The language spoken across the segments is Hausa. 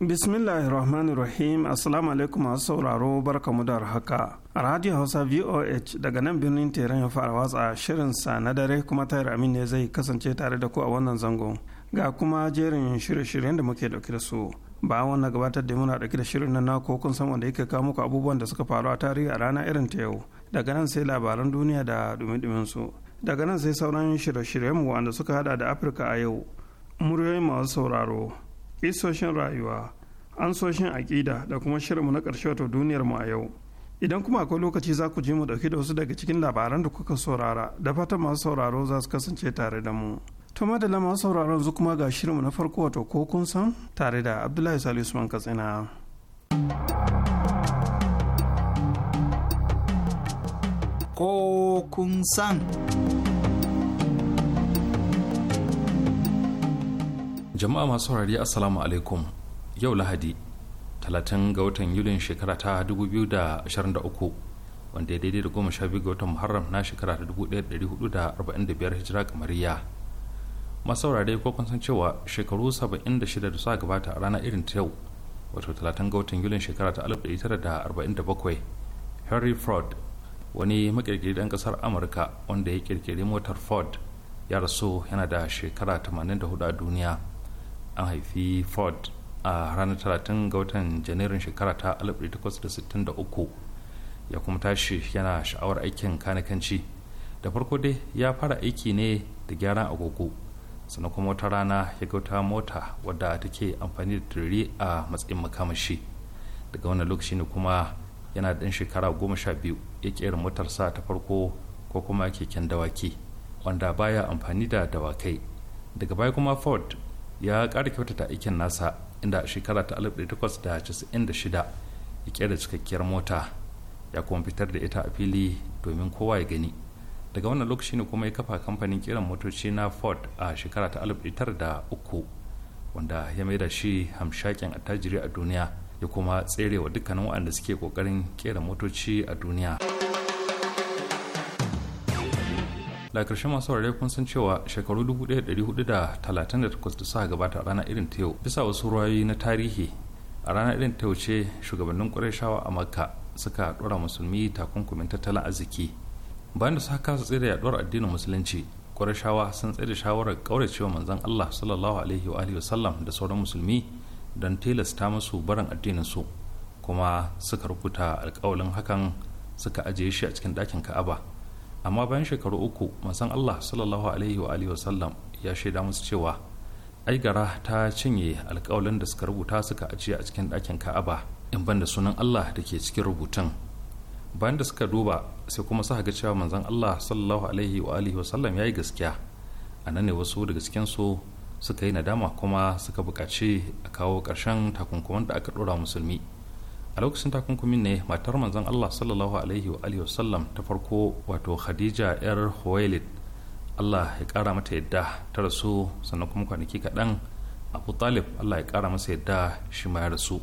bismillahir rahmanir rahim assalamu alaikum masu sauraro barka mu da haka a radio hausa voh daga nan birnin teran ya fara watsa shirin sa na dare kuma tayar amin ne zai kasance tare da ku a wannan zangon ga kuma jerin shirye-shiryen da muke dauke da su ba wannan gabatar da muna dauke da shirin na ko kun san wanda yake kawo muku abubuwan da suka faru a tarihi a rana irin ta yau daga nan sai labaran duniya da dumi-dumin su daga nan sai sauran shirye-shiryen mu wanda suka hada da afirka a yau muryoyin masu sauraro isoshin rayuwa an soshin aƙida da kuma shirinmu na ƙarshe wato duniyarmu a yau idan kuma akwai lokaci za ku ji mu ɗauki da wasu daga cikin labaran da kuka saurara da fatan masu sauraro za su kasance tare da mu to madalla masu sauraro yanzu kuma ga shirinmu na farko wato ko kun san tare da abdullahi salisu usman katsina ko kun san jama'a masu saurari assalamu alaikum yau lahadi 30 ga watan yulin shekara ta 2023 wanda ya daidai da goma sha biyu ga watan muharram na shekara ta 1445 hijira kamariya masu saurari ko kun san cewa shekaru 76 da suka gabata a rana irin ta yau wato 30 ga watan yulin shekara ta 1947 henry ford wani makirkiri dan kasar amurka wanda ya kirkiri motar ford ya rasu yana da shekara 84 a duniya an haifi ford a ranar 30 ga watan janairun shekara ta 1863 ya kuma tashi yana sha'awar aikin kanikanci da farko dai ya fara aiki ne da gyaran agogo sannan kuma wata rana ya gauta mota wadda take amfani da turare a matsayin makamashi daga wannan lokaci ne kuma yana dan shekara goma sha biyu ya ƙera motarsa ta farko ko kuma keken dawaki wanda baya amfani da dawakai daga baya kuma ford ya ƙara kyautata aikin nasa inda a shekara ta shida ya kera cikakkiyar mota ya kuma fitar da ita a fili domin kowa ya gani daga wannan lokaci ne kuma ya kafa kamfanin kiran motoci na ford a shekara ta uku wanda ya da shi hamshakin attajiri a duniya ya kuma tserewa dukkanin waɗanda suke ƙoƙarin kera motoci a duniya. da karshe masu saurare kun san cewa shekaru 1438 da suka gabata a rana irin ta yau bisa wasu ruwayoyi na tarihi a rana irin ta yau ce shugabannin shawa a makka suka ɗora musulmi takunkumin tattalin arziki bayan da suka kasa tsere yaduwar addinin musulunci shawa sun tsere shawarar kauracewa manzon allah sallallahu alaihi wa sallam da sauran musulmi don tilasta musu barin addinin su kuma suka rubuta alkawalin hakan suka ajiye shi a cikin ɗakin ka'aba amma bayan shekaru uku masan Allah sallallahu alaihi wa alihi wasallam ya shaida musu cewa ai gara ta cinye alkawalin da suka rubuta suka ajiye a cikin ɗakin Ka'aba in banda sunan Allah da ke cikin rubutun bayan da suka duba sai kuma suka ga cewa manzon Allah sallallahu alaihi wa alihi wasallam yi gaskiya a nan ne wasu daga cikin su suka yi nadama kuma suka buƙaci a kawo ƙarshen takunkuman da aka ɗora musulmi a lokacin takunkumin ne matar manzon Allah sallallahu alaihi wa alihi wasallam ta farko wato Khadija yar Huwailid Allah ya kara mata yadda ta rasu sannan kuma kwanaki kaɗan Abu Talib Allah ya kara masa yadda shi ma ya rasu.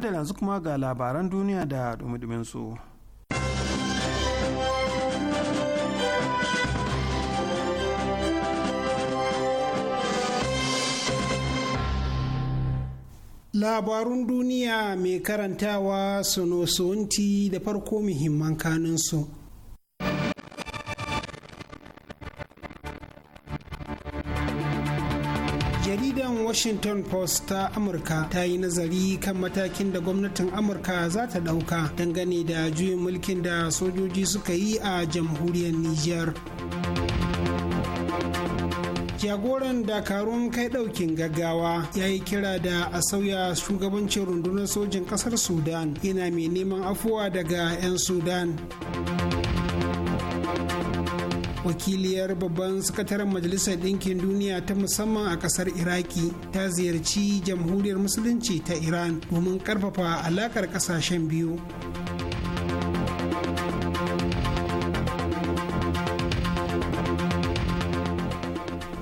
da yanzu kuma ga labaran duniya da dumi su. Labarun duniya mai karantawa suno da farko muhimman kanunsu. washington post ta amurka ta yi nazari kan matakin da gwamnatin amurka za ta ɗauka dangane da juyin mulkin da sojoji suka yi a jamhuriyar niger jagoran dakarun kai daukin gaggawa ya yi kira da a sauya shugabancin rundunar sojin kasar sudan yana mai neman afuwa daga 'yan sudan wakiliyar babban sakataren majalisar ɗinkin duniya ta musamman a ƙasar iraki ta ziyarci jamhuriyar musulunci ta iran domin ƙarfafa alaƙar ƙasashen biyu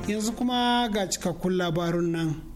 yanzu kuma ga cikakkun labarun nan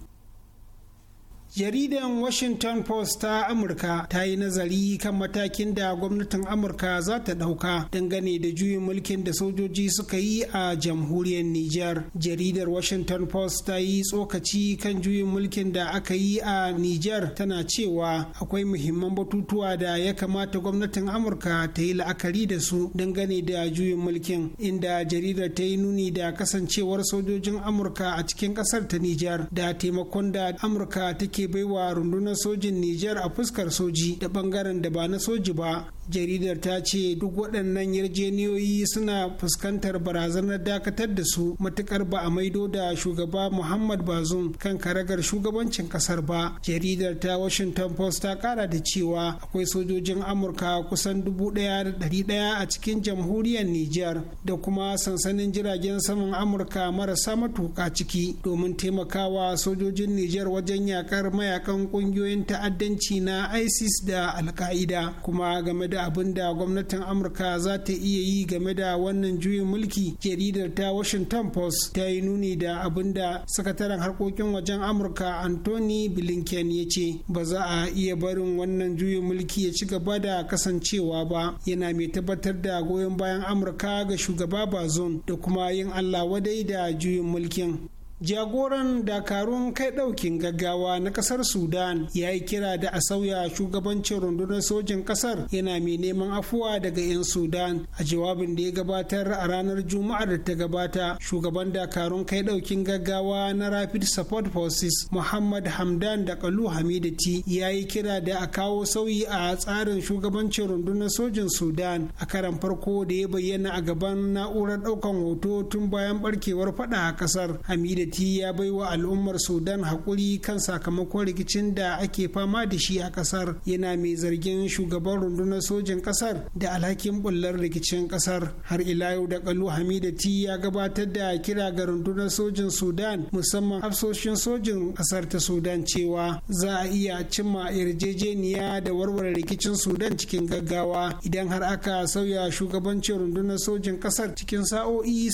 jaridan washington post ta amurka ta yi nazari kan matakin da gwamnatin amurka za ta ɗauka dangane da juyin mulkin da sojoji suka yi a jamhuriyar niger jaridar washington post ta yi tsokaci kan juyin mulkin da aka yi a niger tana cewa akwai muhimman batutuwa da ya kamata gwamnatin amurka ta yi la'akari da su dangane da juyin mulkin inda jaridar ta yi nuni da kasancewar sojojin amurka a cikin ƙasar ta niger da taimakon da amurka take baiwa rundunar sojin Nijar a fuskar soji da bangaren da ba na soji ba jaridar ta ce duk waɗannan yarjeniyoyi suna fuskantar barazanar dakatar da su matukar ba a maido da shugaba muhammad bazum kan karagar shugabancin kasar ba jaridar ta washington post ta kara da cewa akwai sojojin amurka kusan dubu ɗaya da ɗaya a cikin jamhuriyar niger da kuma sansanin jiragen saman amurka marasa matuƙa ciki domin taimakawa sojojin niger wajen yakar mayakan ƙungiyoyin ta'addanci na isis da alka'ida kuma game da da abin da gwamnatin amurka za ta iya yi game da wannan juyin mulki jaridar ta washington post ta yi nuni da abin da sakataren harkokin wajen amurka anthony blinken ya ce ba za a iya barin wannan juyin mulki ya ci gaba da kasancewa ba yana mai tabbatar da goyon bayan amurka ga shugaba bazon da kuma yin allah wadai da juyin mulkin jagoran dakarun kai daukin gaggawa na kasar sudan ya yi kira da a sauya shugabancin rundunar sojin kasar yana mai neman afuwa daga 'yan sudan a jawabin da ya gabatar a ranar juma'ar da ta gabata shugaban dakarun kai daukin gaggawa na rapid support forces muhammad hamdan da kalu hamidati ya yi kira da a kawo sauyi a tsarin shugabancin rundunar sojin sudan a karan farko da ya bayyana a gaban na'urar daukan hoto tun bayan barkewar fada a kasar hamidati miƙati ya wa al'ummar sudan haƙuri kan sakamakon rikicin da ake fama da shi a ƙasar yana mai zargin shugaban rundunar sojin ƙasar da alhakin bullar rikicin ƙasar har ila yau da kalu hamidati ya gabatar da kira ga rundunar sojin sudan musamman hafsoshin sojin ƙasar ta sudan cewa za a iya cimma yarjejeniya da warware rikicin sudan cikin gaggawa idan har aka sauya shugabancin rundunar sojin ƙasar cikin sa'o'i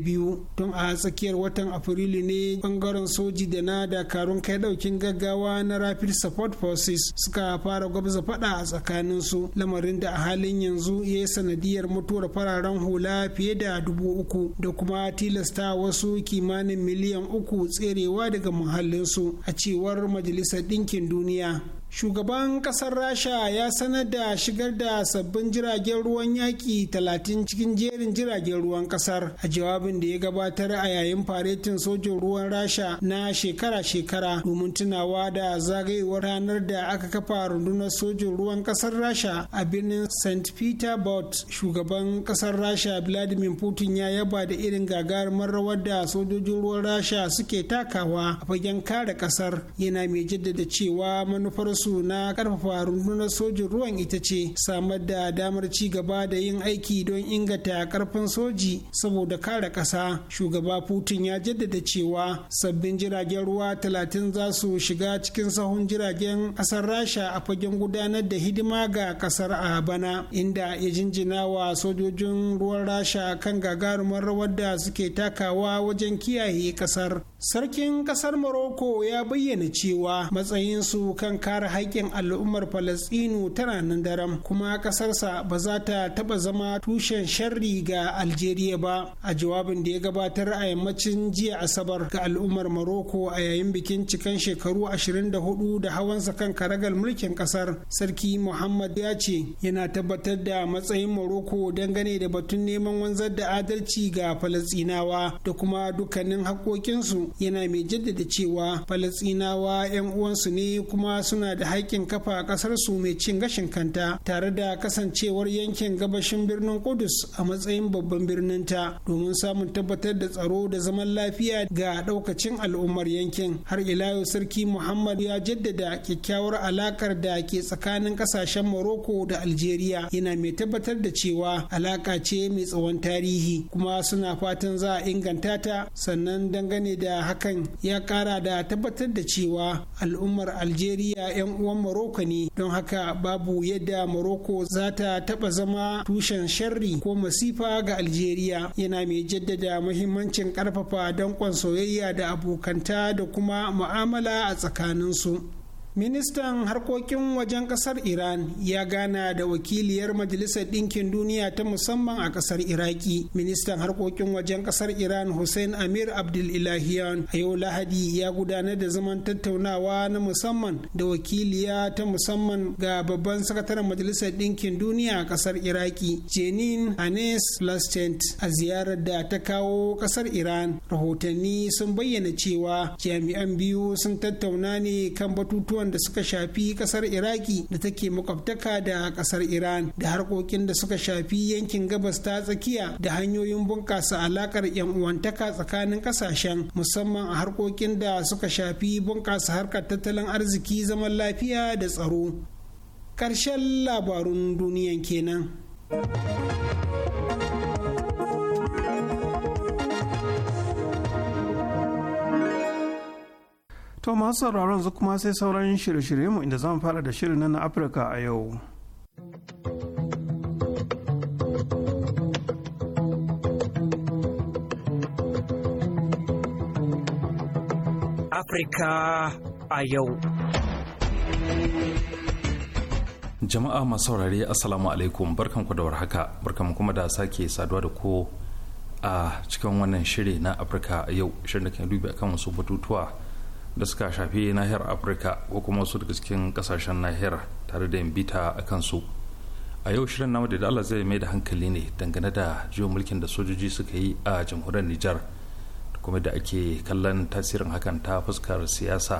biyu tun a tsakiyar watan afrilu afrilu ne bangaren soji da na dakarun kai daukin gaggawa na rapid support forces suka fara gwabza fada a tsakanin su lamarin da a halin yanzu ya yi sanadiyar mutuwar fararen hula fiye da dubu uku da kuma tilasta wasu kimanin miliyan uku tserewa daga muhallinsu a cewar majalisar ɗinkin duniya shugaban kasar rasha ya sanar da shigar da sabbin jiragen ruwan yaƙi 30 cikin jerin jiragen ruwan kasar a jawabin da ya gabatar a yayin faretin sojin ruwan rasha na shekara-shekara domin tunawa da zagayewar ranar da aka kafa rundunar sojin ruwan kasar rasha a birnin st peter bot shugaban kasar rasha vladimir putin ya yaba da irin gagarumar rawar da sojojin ruwan rasha suke takawa a fagen kare kasar yana mai jaddada cewa manufar su na karfafa rundunar sojin ruwan ita ce samar da damar ci gaba da yin aiki don inganta karfin soji saboda kare kasa shugaba putin ya jaddada cewa sabbin jiragen ruwa talatin za su shiga cikin sahun jiragen ƙasar rasha a fagen gudanar da hidima ga kasar a bana inda ya jinjina wa sojojin ruwan rasha kan gagarumar rawar da suke takawa wajen kiyaye kasar sarkin kasar maroko ya bayyana cewa matsayinsu kan kare haƙƙin al'ummar Falasɗinu tana nan daram kuma ƙasarsa ba za ta taɓa zama tushen sharri ga Algeria ba a jawabin da ya gabatar a yammacin jiya Asabar ga al'ummar Maroko a yayin bikin cikan shekaru 24 da hawansa kan karagar mulkin ƙasar Sarki Muhammad ya ce yana tabbatar da matsayin Maroko dangane da batun neman wanzar da adalci ga Falasɗinawa da kuma dukkanin haƙƙoƙinsu yana mai jaddada cewa Falasɗinawa 'yan uwansu ne kuma suna da haƙƙin kafa a ƙasar su mai cin gashin kanta tare da kasancewar yankin gabashin birnin Kudus a matsayin babban birnin ta domin samun tabbatar da tsaro da zaman lafiya ga ɗaukacin al'ummar yankin har ila yau sarki Muhammad ya jaddada kyakkyawar alakar da ke tsakanin ƙasashen Morocco da Algeria yana mai tabbatar da cewa alaka ce mai tsawon tarihi kuma suna fatan za a inganta ta sannan dangane da hakan ya kara da tabbatar da cewa al'ummar algeria 'yan ɗan uwan Morocco ne don haka babu yadda Morocco za ta taɓa zama tushen sharri ko masifa ga Algeria yana mai jaddada muhimmancin ƙarfafa danƙon soyayya da abokanta da kuma mu'amala a tsakaninsu. ministan harkokin wajen kasar iran ya gana da wakiliyar majalisar ɗinkin duniya ta musamman a kasar iraki ministan harkokin wajen kasar iran hussein amir abdulilahiyan a yau lahadi ya gudanar da zaman tattaunawa na musamman da wakiliya ta musamman ga babban sakataren majalisar ɗinkin duniya a kasar iraki jenin anes lastent a ziyarar da ta kawo kasar iran rahotanni sun bayyana cewa jami'an biyu sun tattauna ne kan batutuwa da suka shafi kasar iraki da take makwabtaka da kasar iran da harkokin da suka shafi yankin gabas ta tsakiya da hanyoyin bunƙasa alaƙar yan uwantaka tsakanin ƙasashen musamman a harkokin da suka shafi bunƙasa harkar tattalin arziki zaman lafiya da tsaro karshen labarun duniyan kenan. To masu sauraron zu kuma sai sauran shirye mu inda zan fara da shirin na Afirka a yau. Afirka a yau. Jama'a masu saurare Assalamu alaikum barkanku da warhaka barkanku kuma da sake saduwa da ko a cikin wannan shiri na Afirka a yau shirin da kan dubi akan wasu batutuwa da suka shafi nahiyar afirka ko kuma wasu daga cikin kasashen nahiyar tare da yambita bita a kansu a yau shirin namu da Allah zai mai da hankali ne dangane da jiwo mulkin da sojoji suka yi a jamhuriyar Nijar da kuma da ake kallon tasirin hakan ta fuskar siyasa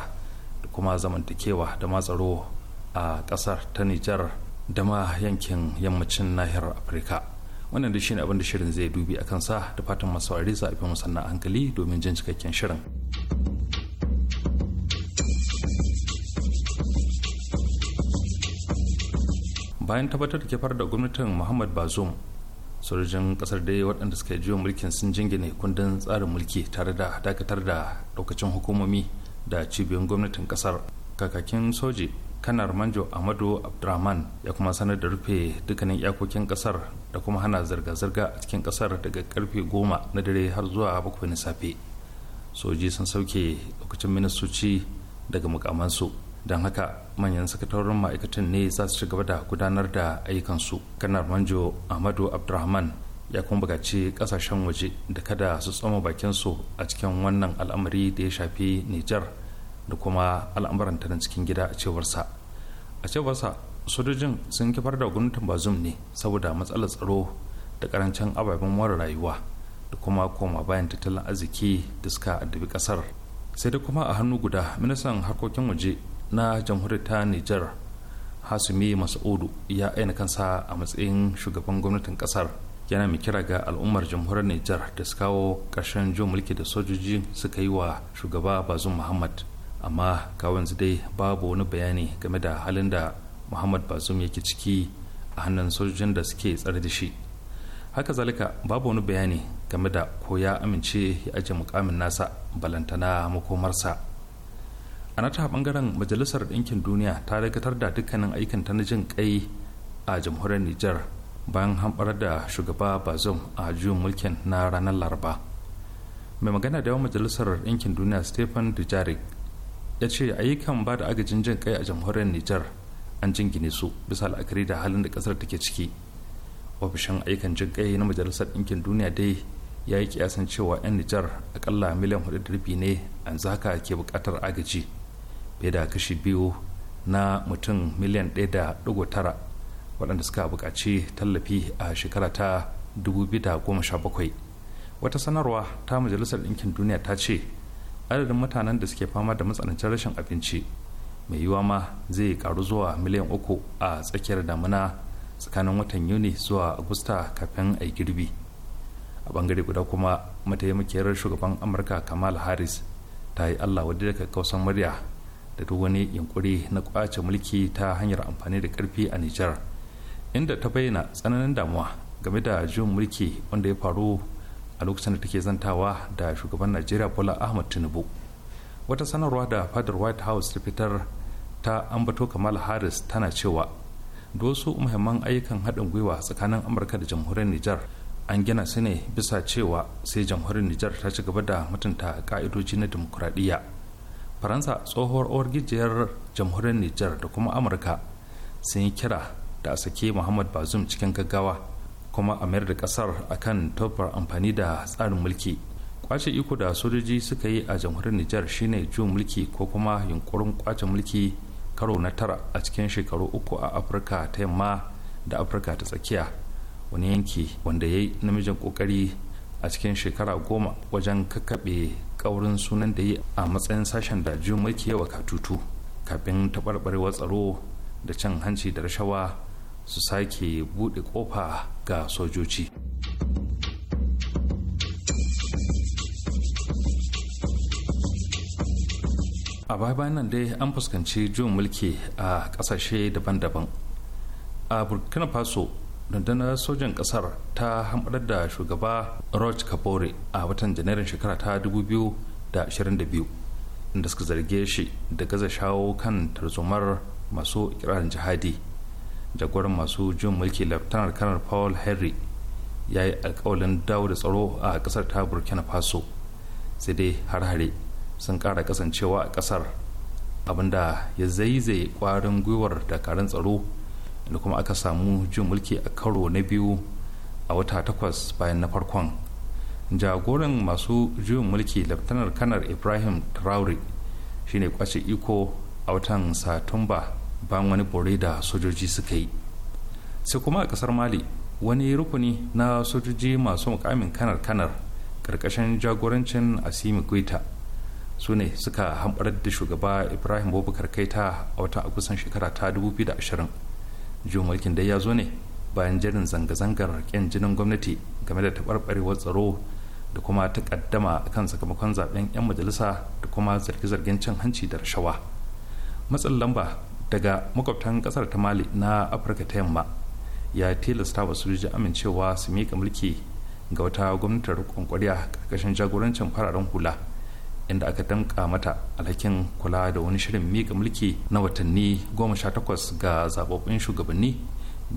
da kuma zamantakewa da matsaro a kasar ta Nijar da ma yankin yammacin nahiyar Afirka wannan da shine abin da shirin zai dubi a kansa da fatan masu za a musanna hankali domin jin cikakken shirin. bayan tabbatar da kifar da gwamnatin muhammad bazoum sojojin kasar dai waɗanda suka juya mulkin sun jingine kundin tsarin mulki tare da dakatar da lokacin hukumomi da cibiyoyin gwamnatin kasar kakakin soji kanar manjo amadu abdurrahman ya kuma sanar da rufe dukkanin iyakokin kasar da kuma hana zirga-zirga a cikin kasar daga karfe goma na dare har zuwa bakwai na safe soji sun sauke lokacin ministoci daga mukamansu don haka manyan sakatarorin ma'aikatan ne za su gaba da gudanar da ayyukansu kanar manjo ahmadu abdurrahman ya kuma bukaci kasashen waje da kada su tsoma bakinsu a cikin wannan al'amari da ya shafi nijar da kuma al'amuran ta cikin gida a cewarsa a cewarsa sojojin sun kifar da gwamnatin bazum ne saboda matsalar tsaro da karancin ababen more rayuwa da kuma koma bayan tattalin arziki da suka addabi kasar sai da kuma a hannu guda ministan harkokin waje na jamhuriyar ta niger hasumi masaudu ya aina kansa a matsayin shugaban gwamnatin kasar yana mai kira ga al'ummar jamhuriyar niger da su kawo ƙarshen jo mulki da sojoji suka yi wa shugaba bazum muhammad amma kawai yanzu dai babu wani bayani game da halin da muhammad bazum yake ciki a hannun sojojin da suke tsare da shi haka zalika babu wani bayani game da ko ya amince ya ajiye mukamin nasa balantana makomarsa a nata bangaren majalisar ɗinkin duniya ta dakatar da dukkanin aikin ta na jin kai a jamhuriyar niger bayan hamɓar da shugaba bazum a juyin mulkin na ranar laraba mai magana da yawan majalisar ɗinkin duniya stephen dujarik ya ce ayyukan ba da agajin jin kai a jamhuriyar niger an jingine su bisa la'akari da halin da kasar take ciki ofishin aikin jin kai na majalisar ɗinkin duniya dai ya yi kiyasan cewa 'yan nijar akalla miliyan hudu ne yanzu haka ke buƙatar agaji fiye da kashi biyu na mutum miliyan ɗaya da tara waɗanda suka buƙaci tallafi a shekara ta da goma sha bakwai wata sanarwa ta majalisar ɗinkin duniya ta ce adadin mutanen da suke fama da matsanancin rashin abinci mai yiwuwa ma zai karu zuwa miliyan uku a tsakiyar damuna tsakanin watan yuni zuwa agusta kafin a girbi a bangare guda kuma mataimakiyar shugaban amurka kamal harris ta yi allah wadda daga kausan murya da wani yunkuri na kwace mulki ta hanyar amfani da karfi a Nijar inda ta bayyana tsananin damuwa game da juyin mulki wanda ya faru a lokacin da take zantawa da shugaban Najeriya Bola Ahmed Tinubu wata sanarwa da fadar White House ta fitar ta ambato Kamal Harris tana cewa dosu wasu muhimman ayyukan haɗin gwiwa tsakanin Amurka da jamhuriyar Nijar an gina su ne bisa cewa sai jamhuriyar Nijar ta ci gaba da mutunta ka'idoji na dimokuraɗiyya faransa tsohuwar gijiyar jamhuriyar nijar da kuma amurka sun yi kira da a sake muhammad bazum cikin gaggawa kuma a mayar da kasar kan tabbar amfani da tsarin mulki kwace iko da sojoji suka yi a jamhuriyar nijar shine juyin mulki ko kuma yunkurin kwace mulki karo na tara a cikin shekaru uku a afirka ta yamma da afirka ta tsakiya wani yanki wanda ya yi namijin kokari a cikin shekara goma wajen kakkaɓe kaurin sunan da yi a matsayin sashen da juyin mulki yawa katutu kafin taɓarɓarewar tsaro da cin hanci da rashawa su sake buɗe ƙofa ga sojoji. a baya nan dai an fuskanci juyin mulki a ƙasashe daban-daban a burkina faso rundunar sojan kasar ta hamadar da shugaba roch kabore a watan janairun shekara ta 2022 inda suka zarge shi da gaza shawo kan tarzomar masu kirarin jihadi jagoran masu jin mulki laftanar kanar paul henry ya yi alkawalin dawo da tsaro a kasar ta burkina faso sai dai har-hare sun kara kasancewa a kasar abinda ya zaizaye kwarin gwiwar dakarun tsaro da kuma aka samu jin mulki a karo na biyu a wata takwas bayan na farkon jagoran masu juyin mulki laftanar kanar ibrahim traore shine kwace iko a watan satumba bayan wani bore da sojoji suka yi sai kuma a kasar mali wani rukuni na sojoji masu mukamin kanar kanar karkashin jagorancin asimi guita su ne suka hamɓarar da shugaba ibrahim bobu kaita a watan agusan shekara ta 2020 juyin mulkin dai ya zo ne bayan jarin zanga-zangar yan jinin gwamnati game da taɓarɓarewar tsaro da kuma takaddama kan sakamakon zaben 'yan majalisa da kuma zarge-zargen cin hanci da rashawa matsin lamba daga makwabtan ƙasar ta mali na afirka ta yamma ya tilasta wa sojoji amincewa su mika mulki ga wata gwamnatin riƙon ƙwarya ƙarƙashin jagorancin fararen hula inda aka danka mata alhakin kula da wani shirin miƙa mulki na watanni 18 ga zababbin shugabanni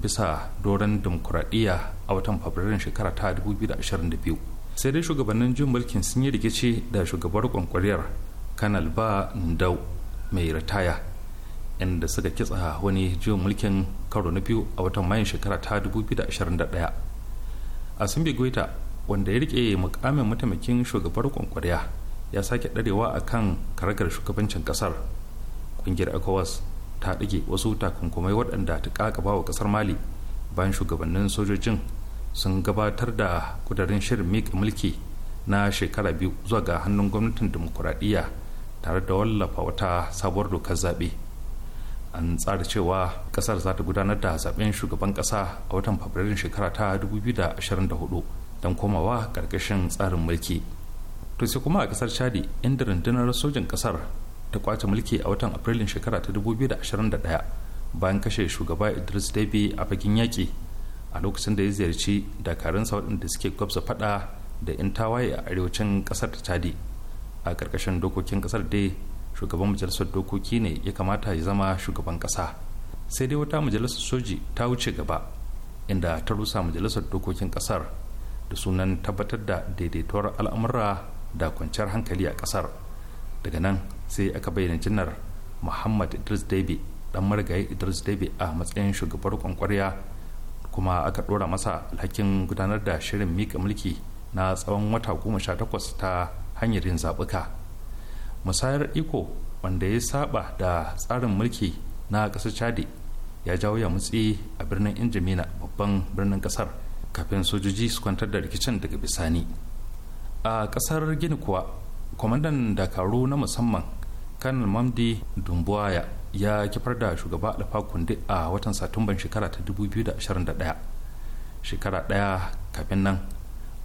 bisa doron dimokuraɗiyya a watan fabrairun shekara ta 2022 sai dai shugabannin jin mulkin sun yi rikici da shugabar kwankwariyar kanal ba ndau mai ritaya inda suka kitsa wani jin mulkin karo na biyu a watan mayan shekara ta 2021 a sun wanda ya rike mukamin mataimakin shugabar kwankwariya ya sake ɗarewa a kan karagar shugabancin kasar ƙungiyar ecowas ta ɗage wasu takunkumai waɗanda ta ƙaƙaba wa ƙasar mali bayan shugabannin sojojin sun gabatar da kudarin shirin miƙa mulki na shekara biyu zuwa ga hannun gwamnatin dimokuraɗiyya tare da wallafa wata sabuwar dokar zaɓe an tsara cewa ƙasar za ta gudanar da zaɓen shugaban ƙasa a watan fabrairun shekara ta 2024 don komawa ƙarƙashin tsarin mulki to sai kuma a kasar chadi inda rundunar sojin kasar ta kwace mulki a watan afrilun shekara ta 2021 bayan kashe shugaba idris debi a bakin yaƙi a lokacin da ya ziyarci dakarunsa waɗanda suke gwabza fada da 'yan tawaye a arewacin kasar ta chadi a ƙarƙashin dokokin kasar dai shugaban majalisar dokoki ne ya kamata ya zama shugaban ƙasa sai dai wata majalisar soji ta wuce gaba inda ta rusa majalisar dokokin ƙasar da sunan tabbatar da daidaituwar al'amura da kwanciyar hankali a kasar daga nan sai aka bayyana jinnar muhammad idris daibe dan marigayi idris daibe a matsayin shugabar kwankwariya kuma aka dora masa alhakin gudanar da shirin mika mulki na tsawon wata goma sha takwas ta hanyar yin zaɓuka musayar iko wanda ya saba da tsarin mulki na ƙasar chadi ya jawo ya mutsi a birnin injimina babban birnin ƙasar kafin sojoji su kwantar da rikicin daga bisani a kasar gini kuwa kwamandan dakaru na musamman kan mamdi dumbuwaya ya kifar da shugaba da kunde a watan satumban shekara ta 2021 shekara daya kafin nan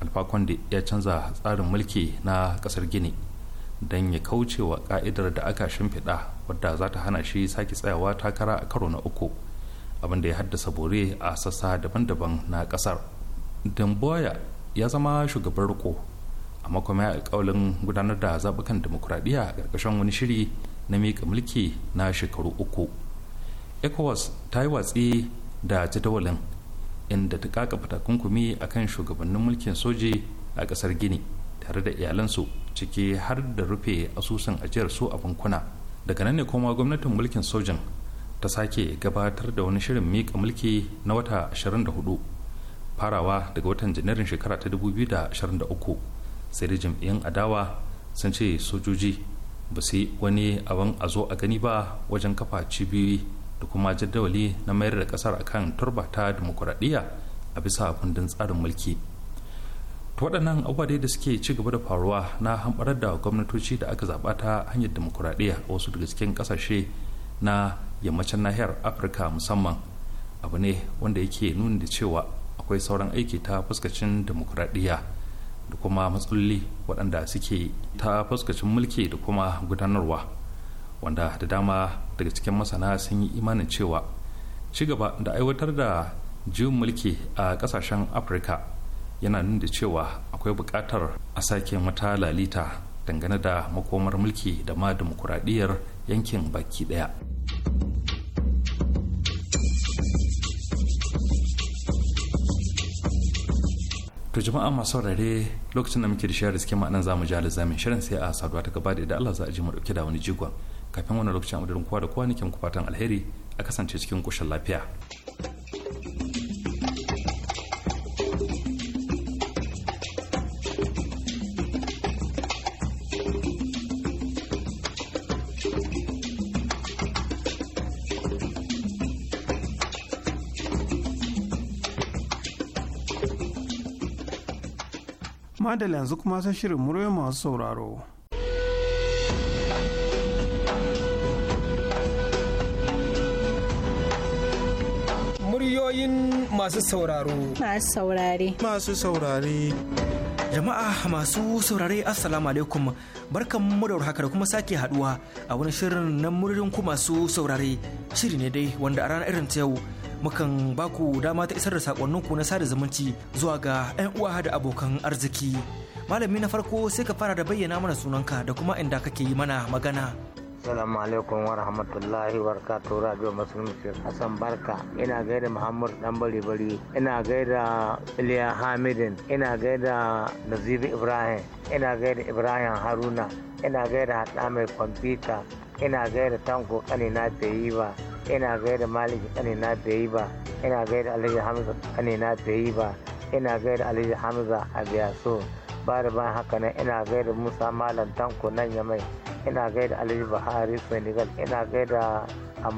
alfa ya canza tsarin mulki na kasar gini don ya kauce wa ka'idar da aka shimfiɗa wadda za ta hana shi sake tsayawa takara a karo na uku abinda ya haddasa bore a sassa daban-daban na kasar dumbuwaya ya zama shugaban riko amma kuma ya alkawalin gudanar da zaɓukan demokuraɗiyya a ƙarƙashin wani shiri na miƙa mulki na shekaru uku ecowas ta yi watsi da jadawalin inda ta kaka takunkumi a kan shugabannin mulkin soji a ƙasar gini tare da iyalansu ciki har da rufe asusun ajiyar su a bankuna daga nan ne kuma gwamnatin mulkin sojin ta sake gabatar da wani shirin miƙa mulki na wata 24 farawa daga watan janairun shekara ta 2023 sai da jam'iyyun adawa sun ce sojoji ba su yi wani abin a zo a gani ba wajen kafa cibiyoyi da kuma jadawali na mayar da kasar akan turba ta demokuraɗiyya a bisa kundin tsarin mulki ta waɗannan abubuwa da suke ci gaba da faruwa na hamɓarar da gwamnatoci da aka zaɓa ta hanyar demokuraɗiyya a wasu daga cikin ƙasashe na yammacin nahiyar afirka musamman abu ne wanda yake nuni da cewa akwai sauran aiki ta fuskacin demokuraɗiyya da kuma matsaloli waɗanda suke ta fuskacin mulki da kuma gudanarwa wanda da dama daga cikin masana sun yi imanin cewa ci gaba da aiwatar da juyin mulki a ƙasashen afirka yana nuna da cewa akwai buƙatar a sake mata lalita dangane da makomar mulki da ma dimokuraɗiyyar yankin baki ɗaya. to jama'a masu saurare lokacin da muke da shirin suke ma'anan zamu ji alizamin shirin sai a saduwa ta gaba da idan Allah za a ji mu dauke da wani jigon kafin wannan lokacin a madadin kowa da kowa nake muku fatan alheri a kasance cikin koshin lafiya. amma da yanzu kuma sai shirin muryoyin masu sauraro. Muryoyin masu sauraro. Masu saurare. Masu saurare. Jama'a masu saurare Assalamu alaikum barkan mu da warhaka da kuma sake haduwa a wani shirin na muryoyin ku masu saurare shiri ne dai wanda a ranar irin ta yau mukan baku dama ta isar da ku na sada zumunci zuwa ga 'yan uwa da abokan arziki. Malami na farko sai ka fara da bayyana mana sunanka da kuma inda kake yi mana magana. Assalamu alaikum wa rahmatullahi wa barakatuh Radio Musulunci Hassan Barka ina gaida Muhammad Dan Bari Bari ina gaida Iliya Hamidin ina gaida nazib Ibrahim ina gaida Ibrahim Haruna ina gaida Hada mai kwamfuta ina gaida Tanko Kani na ba ina da maliki kane na bai ba ina da alhaji hamza kane na bai ba ina da alhaji hamza a biya so ba da ban haka nan ina da musa malam tanko nan ya mai ina da alhaji bahari senegal ina da. an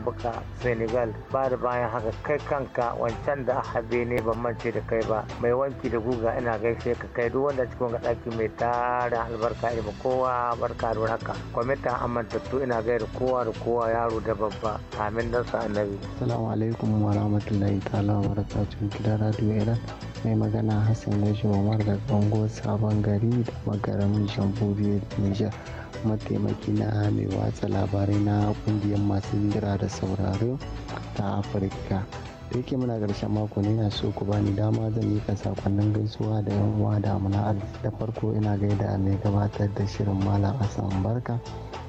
senegal ba da bayan haka kai kanka wancan da aka ne ban mance da kai ba mai wanki da guga ina gaishe ka kai duk wanda cikin ɗaki mai tara albarka ba kowa barka da haka kwamitin amintattu ina gaida kowa da kowa yaro da babba amin da sa annabi assalamu alaikum wa rahmatullahi ta'ala wa barakatuhu gidan radio iran mai magana hassan yashi umar da bango sabon gari da magaran jamhuriyar nijar mataimaki na mai watsa labarai na kungiyar masu jira da sauraro ta afirka da yake muna ƙarshen mako ne na so ku bani dama zan yi ka sakonnin gaisuwa da yan uwa da amana da farko ina gaida mai gabatar da shirin malam asan barka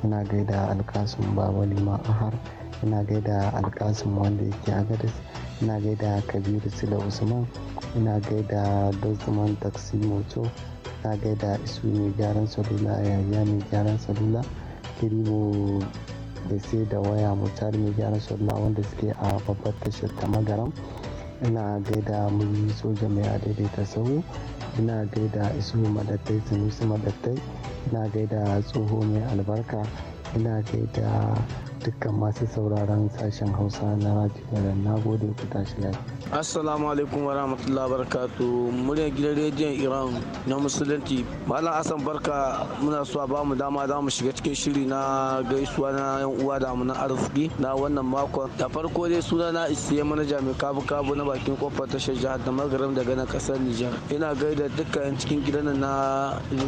ina gaida alkasun baba liman ahar ina gaida alkasun wanda yake agadis ina gaida kabiru sila usman ina gaida dozman taksi moto ka gaida isu mai gyaran salula yaya mai gyaran salula kirimo da sai da waya mutar mai gyaran salula wanda suke a babbar tashar ta magaram ina gaida muyi soja mai adaidaita sahu ina gaida isu madattai sunusu madattai ina gaida tsoho mai albarka ina gaida dukkan masu sauraron sashen hausa na radio na gode ku tashi lafiya assalamu alaikum wa rahmatullahi barakatu murya gidan rediyon iran na musulunci malam asan barka muna so ba mu dama za mu shiga cikin shiri na gaisuwa na yan uwa da mu na arziki na wannan makon da farko dai suna na isiye manaja mai kabu kabu na bakin kofar tashar jihar da magaram daga na kasar nijar ina gaida dukkan cikin gidan na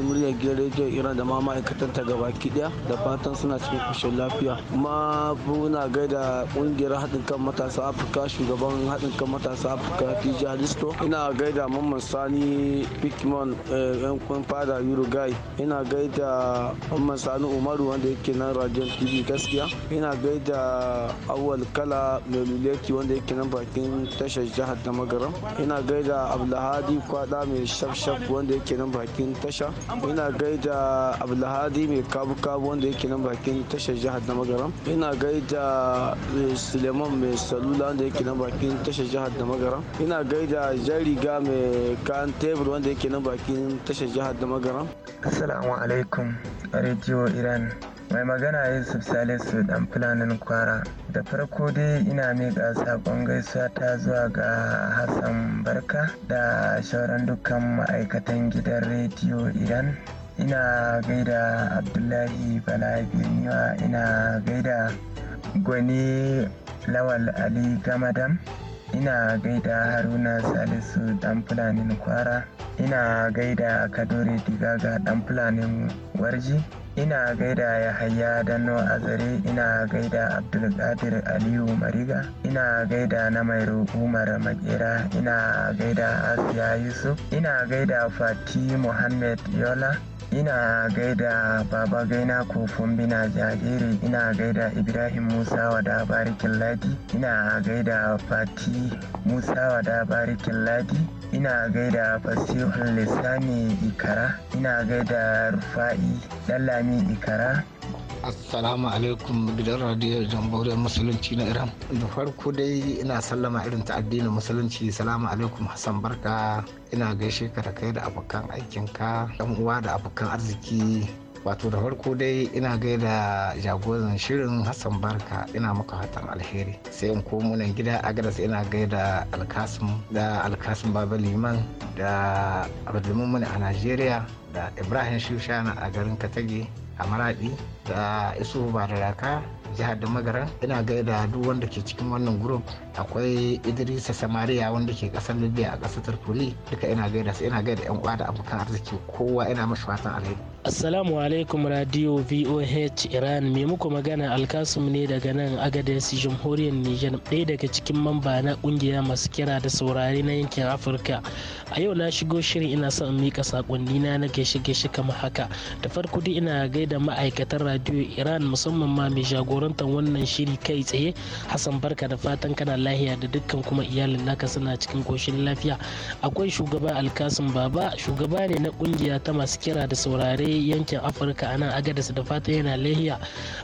murya gidan rediyon iran da ma ma'aikatan ta gabaki daya da fatan suna cikin kushin lafiya kuma kuma muna gaida kungiyar haɗin kan matasa afirka shugaban haɗin kan matasa afirka tija listo ina gaida mamman sani pikman eh, yan kun fada uruguay ina gaida mamman sani umaru wanda yake nan radiyon tv gaskiya ina gaida awal kala meluleki wanda yake nan bakin tashar jihar da magaram ina gaida abdulhadi kwada mai shafshaf wanda yake nan bakin tasha ina gaida abdulhadi mai kabu kabu wanda yake nan bakin tashar jihar da magaram ina gaida eh, suleiman mai salula wanda yake nan bakin tashar jihar da magara ina gaida jariga mai kan tebur wanda yake nan bakin tashar jihar da magara assalamu alaikum rediyo iran mai magana yusuf salisu dan fulanin kwara da farko dai ina miƙa saƙon gaisuwa ta zuwa ga hassan barka da shauran dukkan ma'aikatan gidan rediyo iran ina gaida abdullahi bala beniwa ina gaida gwani lawal ali gamadam ina gaida haruna salisu dan fulanin kwara ina gaida kadore digaga dan fulanin warji ina gaida yahaya danno azare ina gaida abdulkadir aliyu mariga ina gaida na mai umar makera ina gaida asiya yusuf ina gaida fati muhammad yola ina gaida baba gaina kofin bina jagere ina gaida ibrahim musa wada barikin ladi ina gaida fati musa wada barikin ladi ina gaida fasihun lissani ikara ina gaida rufa'i ɗanlami ikara assalamu alaikum gidan radiyo jamhuriyar musulunci na iran da farko dai ina sallama irin ta addinin musulunci salamu alaikum hassan barka ina gaishe ka da kai da abokan aikinka Dan uwa da abokan arziki wato da farko dai ina gaida jagoran shirin hassan barka ina maka hatan alheri sai in komo nan gida a gadas ina gaida alkasim da alkasim baba liman da abdulmumin a najeriya da ibrahim shushana a garin katage a maraɗi da isu bararaka jihar da magaran ina gaida duk wanda ke cikin wannan group akwai idrisa samariya wanda ke kasar libya a kasar turkoli duka ina gaida su ina gaida yan uwa da abokan arziki kowa ina mashi fatan alheri assalamu alaikum radio voh iran me muku magana alkasum ne daga nan agadez jamhuriyar niger ɗaya daga cikin mamba na kungiya masu kira da saurari na yankin afirka a yau na shigo shirin ina son in mika sakonni na na gaishe gaishe kamar haka da farko dai ina gaida ma'aikatan radio iran musamman ma mai jagora jagorantar wannan shiri kai tsaye hassan barka da fatan kana lahiya da dukkan kuma iyalin naka suna cikin koshin lafiya akwai shugaba alkasim baba shugaba ne na kungiya ta masu kira da saurare yankin afirka a nan agadas da fatan yana lahiya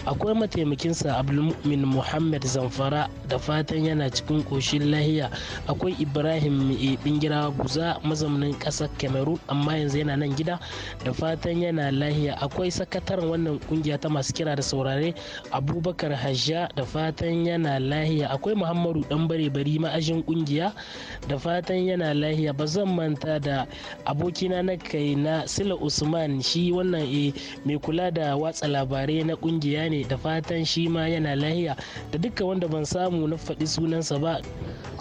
akwai mataimakinsa abdulmumin muhammad zamfara da fatan yana cikin koshin lahiya akwai ibrahim bingirawa buza mazaunin ƙasar cameroon amma yanzu yana nan gida da fatan yana lahiya akwai sakataren wannan kungiya ta masu kira da saurare abubakar abubakar hajja da fatan yana lahiya akwai muhammadu dan bare bari ma'ajin kungiya da fatan yana lahiya ba zan manta da abokina na kai na sila usman shi wannan e mai kula da watsa labarai na kungiya ne da fatan shi ma yana lahiya da duka wanda ban samu na faɗi sunansa ba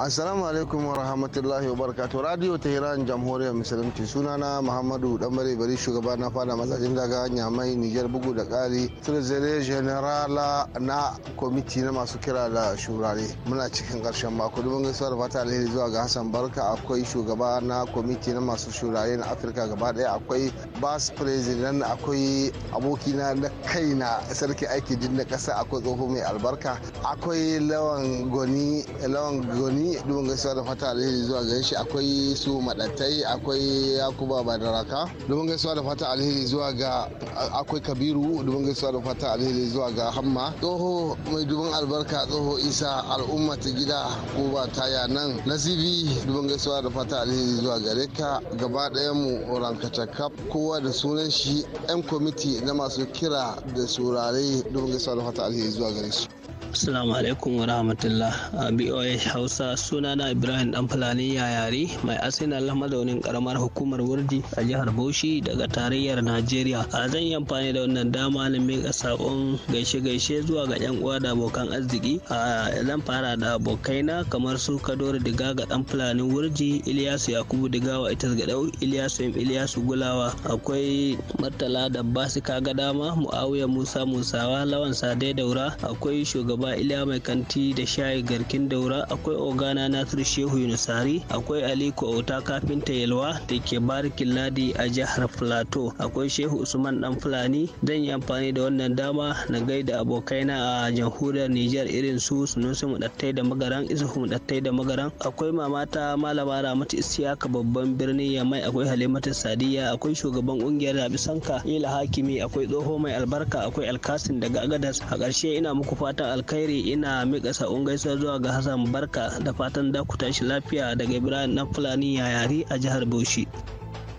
assalamu alaikum wa rahmatullahi wa barakatuh radio ta hiran jamhuriyar musulunci sunana muhammadu dan bare bari shugaba na fada mazajen daga mai niger bugu da kari trezorer generala na kwamiti na masu kira da shurare muna cikin karshen mako domin gaisuwa da fata alheri zuwa ga hassan barka akwai shugaba na kwamiti na masu shurare na afirka gaba daya akwai bas president akwai abokina na kaina sarki aiki din na ƙasa akwai tsoho mai albarka akwai lawan goni lawan goni domin gaisuwa da fata alheri zuwa ga shi akwai su maɗatai akwai yakuba badaraka domin gaisuwa da fata alheri zuwa ga akwai kabiru domin gaisuwa da fata alheri zuwa ga hamma tsoho mai dubin albarka tsoho isa al'umma ta gida ko ta ya nan nasibi dubin gaisuwa da fata alheri zuwa gare ka gaba ɗaya mu rankata kaf kowa da sunan shi yan kwamiti na masu kira da saurare dubin gaisuwa da fata alheri zuwa gare su Assalamu alaikum wa rahmatullah. A BOA Hausa na Ibrahim Dan Fulani Yayari mai Allah madaunin karamar hukumar Wurdi a jihar Bauchi daga tarayyar Najeriya. A zan yi amfani da wannan dama na mai sabon gaishe-gaishe zuwa ga yan uwa da abokan arziki. A zan fara da abokaina kamar su Kadori Diga ga Dan Fulani Wurji, iliyasu Yakubu Digawa Itas dau, Iliyasu Im Ilyasu Gulawa. Akwai Murtala da Basika Gadama, Muawiya Musa Musawa, Lawan Sade Daura, akwai shugaban Ba iliya mai kanti da shayi garkin daura akwai ogana nasiru shehu yunusari akwai aliko auta kafinta yalwa da ke barikin ladi a jihar plateau akwai shehu usman dan fulani zan yi amfani da wannan dama na gaida abokaina a jamhuriyar Nijar irin su sunusu mudattai da magaran isuhu mudattai da magaran akwai mamata malama ramatu isiyaka babban birnin yamai akwai halimatu sadiya akwai shugaban kungiyar rabi sanka ila hakimi akwai tsoho mai albarka akwai alkasin daga agadas a ƙarshe ina muku fatan alkhairi ina miƙa sa'un gaisuwa zuwa ga Hassan Barka da fatan da ku tashi lafiya daga Ibrahim Dan Fulani Yayari a jihar Bauchi.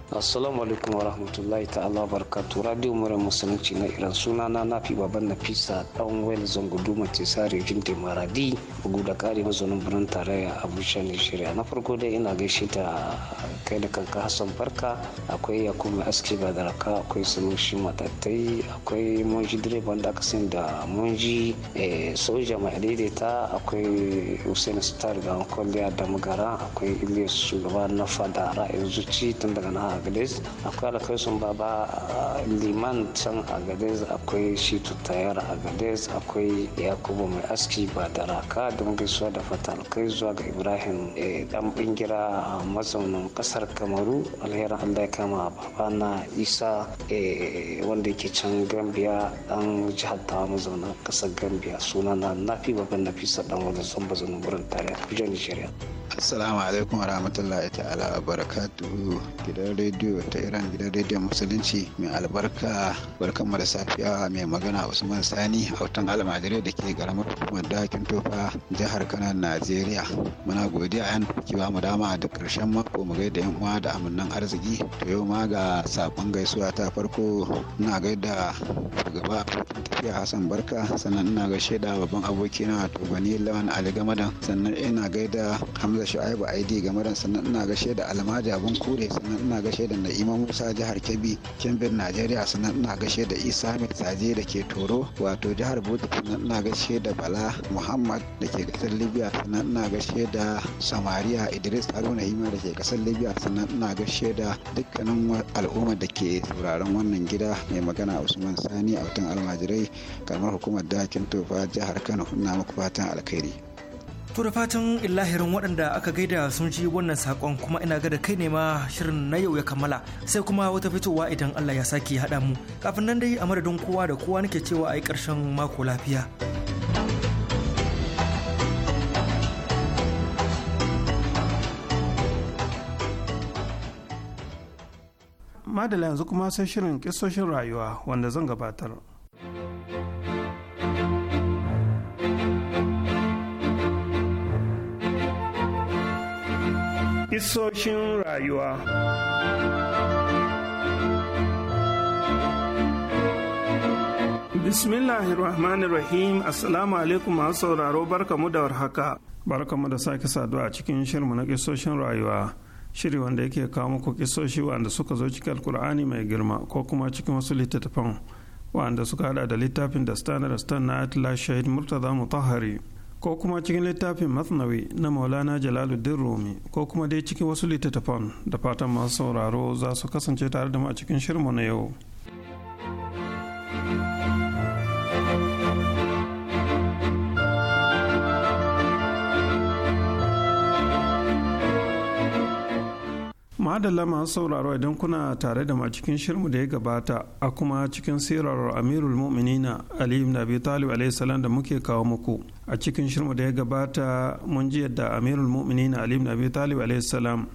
assalamu alaikum wa rahmatullahi ta'ala barkatu radio mura musulunci na iran suna na nafi baban fisa dan wel zango duma ce sare jinte maradi bugu da kare mazaunin birnin tarayya abuja nigeria na farko dai ina gaishe ta kai da kanka hassan barka akwai yakubu aski raka akwai shi matattai akwai monji direban da aka sani da monji eh, soja mai daidaita akwai hussein star da kwalliya da magara akwai ilyas shugaba na fada ra'ayin zuci tun daga na agades akwai ba baba ah, liman can agades akwai shi tutayar agades akwai yakubu mai aski ba da raka don gaisuwa da fata alkai zuwa ga ibrahim eh, dan bingira ah, mazaunin kasar kamaru alhera allah ya kama baba na isa eh, wanda yake can gambia dan jihar ta mazaunin kasar gambia suna na nafi baban nafisa dan wanda son na wurin tare a nigeria Assalamu alaikum wa rahmatullahi ta'ala barakatuhu gidan rediyo ta Iran gidan rediyo musulunci mai albarka barkan da safiya mai magana Usman Sani a wutan almajire da ke karamar hukumar dakin tofa jihar Kano Najeriya muna godiya yan ki ba mu dama da karshen mako mu gaida yan uwa da amannan arziki to yau ma ga sabon gaisuwa ta farko ina gaida shugaba tafiya Hassan Barka sannan ina gaishe da babban abokina wato Bani Lawan Ali Gamadan sannan ina gaida Hamza Hamza Shu'aibu ID game da sannan ina gashe da almaja Abun Kure sannan ina gashe da Na'ima Musa jihar Kebbi Kimbin Najeriya sannan ina gashe da Isa Mai Saje da ke Toro wato jihar Bauchi sannan ina gashe da Bala Muhammad da ke kasar Libya sannan ina gashe da Samaria Idris Haruna Hima da ke kasar Libya sannan ina gashe da dukkanin al'ummar da ke sauraron wannan gida mai magana Usman Sani a wutan almajirai kamar hukumar dakin tofa jihar Kano ina muku fatan alkhairi. To da fatan illahirin waɗanda aka gaida sun ji wannan sakon kuma ina ga da kai ne ma shirin na yau ya kammala sai kuma wata fitowa idan Allah ya sake haɗa mu. Kafin nan dai a madadin kowa da kowa nake cewa a yi ƙarshen mako lafiya. Madala yanzu kuma sai shirin kisoshin rayuwa wanda zan gabatar. Kisoshin rayuwa. Bismillahirrahmanirrahim Assalamu alaikum masu sauraro barkamu da warhaka. Barkamu da sake saduwa a cikin shirmu na kisoshin rayuwa. Shiri wanda yake kawo muku kisoshi wanda suka zo cikin alkur'ani mai girma ko kuma cikin wasu littattafan wanda suka hada da littafin da stan na Atlas Shahid Murtaza Mutahari. ko kuma cikin littafin masnawi na maulana jalaluddin rumi ko kuma dai cikin wasu littattafan da fatan masu sauraro za su kasance tare da mu a cikin shirmu na yau madalla masu sauraro idan kuna tare da ma cikin shirmu da ya gabata a kuma cikin sirar amirul mu'minina ali ibn abi talib alayhi salam da muke kawo muku a cikin shirmu da ya gabata mun ji yadda amirul mu'minina ali ibn abi talib alayhi salam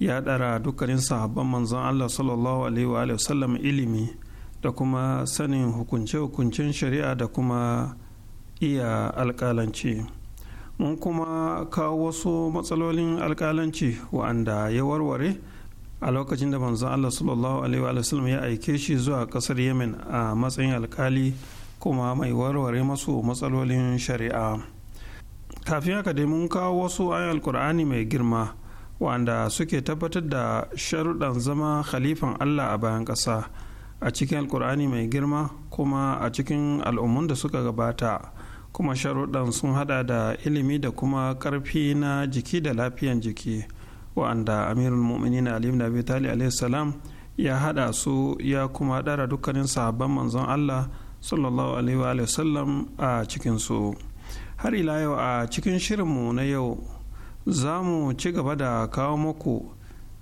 ya dara dukkanin sahabban manzon Allah sallallahu alaihi wa sallam ilimi da kuma sanin hukunce-hukuncen shari'a da kuma iya alƙalanci. mun kuma kawo wasu matsalolin alkalanci wa'anda ya warware a lokacin da manzon Allah sallallahu alaihi wa sallam ya aike shi zuwa kasar Yemen a matsayin alkali kuma mai warware masu matsalolin shari'a kafin haka dai mun kawo wasu ayan alkur'ani mai girma wanda suke tabbatar da sharuɗan zama khalifan Allah a bayan ƙasa a cikin alkur'ani mai girma kuma a cikin al'ummun da suka gabata kuma sharuɗan sun hada da ilimi da kuma ƙarfi na jiki da lafiyan jiki. wa'anda amirul mu'minin ali ibn abi talib salam ya hada su ya kuma dara dukkanin sahabban manzon Allah sallallahu alaihi wa sallam a cikin su har ila yau a cikin shirinmu na yau za mu ci gaba da kawo muku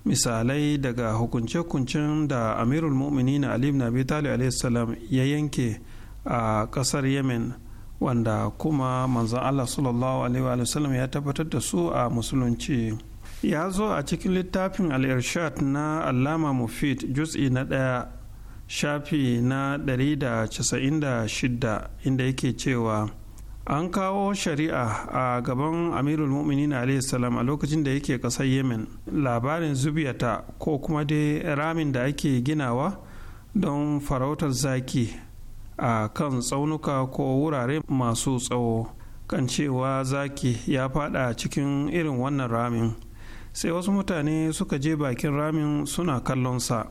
misalai daga hukunce-hukuncen da amirul na ali ibn abi talib salam ya yanke a kasar yemen wanda kuma manzon Allah sallallahu alaihi wa sallam ya tabbatar da su a musulunci. ya zo a cikin littafin al-irshad na allama mufid juz'i na ɗaya shafi na 196 inda yake cewa an kawo shari'a a gaban amirul mu'minin salam a lokacin da yake ƙasar yemen labarin zubiyata ko kuma dai ramin da ake ginawa don farautar zaki a kan tsaunuka ko wurare masu tsawo kan cewa zaki ya fada cikin irin wannan ramin sai wasu mutane suka je bakin ramin suna kallonsa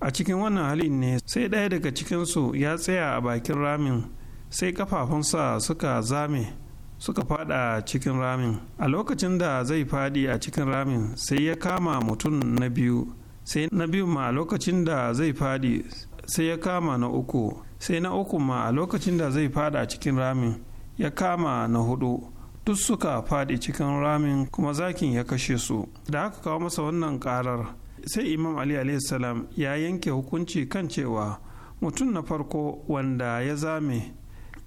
a cikin wannan halin ne sai ɗaya daga cikinsu ya tsaya a bakin ramin sai kafafunsa suka zame suka fada cikin ramin a lokacin da zai fadi a cikin ramin sai ya kama mutum na biyu sai na biyu ma a lokacin da zai fadi sai ya kama na uku sai na uku ma a lokacin da zai fada cikin ramin ya kama na hudu duk suka faɗi cikin ramin kuma zakin ya kashe su da aka kawo masa wannan karar sai imam ali salam ya yanke hukunci kan cewa mutum na farko wanda ya zame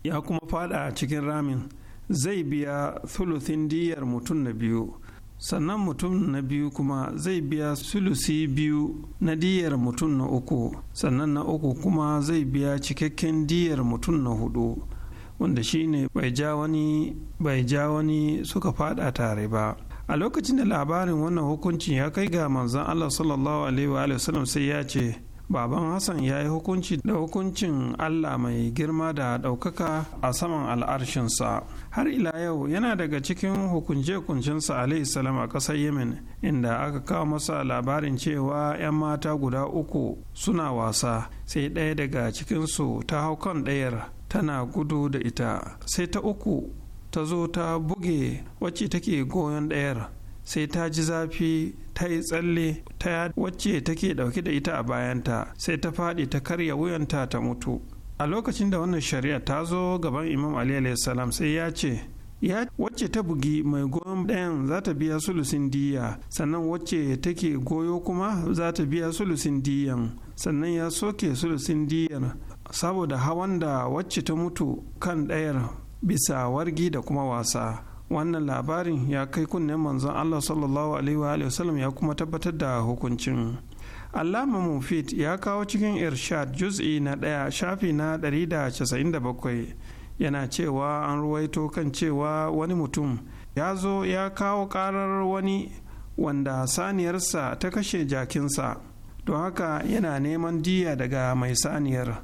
ya kuma faɗa cikin ramin zai biya thuluthin diyar mutum na biyu sannan mutum na biyu kuma zai biya sulusi biyu na diyar mutum na uku sannan na uku kuma zai biya cikakken diyar mutum na hudu wanda shine bai ja wani bai ja wani suka fada tare ba a lokacin da labarin wannan hukuncin ya kai ga manzon Allah sallallahu alaihi wa sallam sai ya ce baban Hassan ya yi hukunci da hukuncin Allah mai girma da ɗaukaka a saman al'arshinsa. Har ila yau yana daga cikin hukunce-hukuncinsa alaihi salam a ƙasar Yemen inda aka kawo masa labarin cewa 'yan mata guda uku suna wasa sai ɗaya daga cikinsu ta hau kan ɗayar tana gudu da ita sai ta uku ta zo ta buge wacce take goyon ɗayar sai ta ji zafi ta yi tsalle ta wacce take ɗauke da ita a bayanta sai ta faɗi ta karya wuyanta ta mutu a lokacin da wannan shari'a ta zo gaban imam ali salam sai ya ce ya wacce ta bugi mai goyon ɗayan za ta biya sulusin diya sannan wacce take goyo kuma za ta biya sulusin diyan sannan ya soke sulusin diyar saboda hawan da wacce ta mutu kan ɗayar bisa wargi da kuma wasa wannan labarin ya kai kunnen manzon allah sallallahu alaihi wasallam ya kuma tabbatar da hukuncin allama mufid ya kawo cikin irshad juz'i na ɗaya shafi na 197 yana cewa an ruwaito kan cewa wani mutum ya zo ya kawo karar wani wanda saniyarsa ta kashe jakinsa don haka yana neman diya daga mai saniyar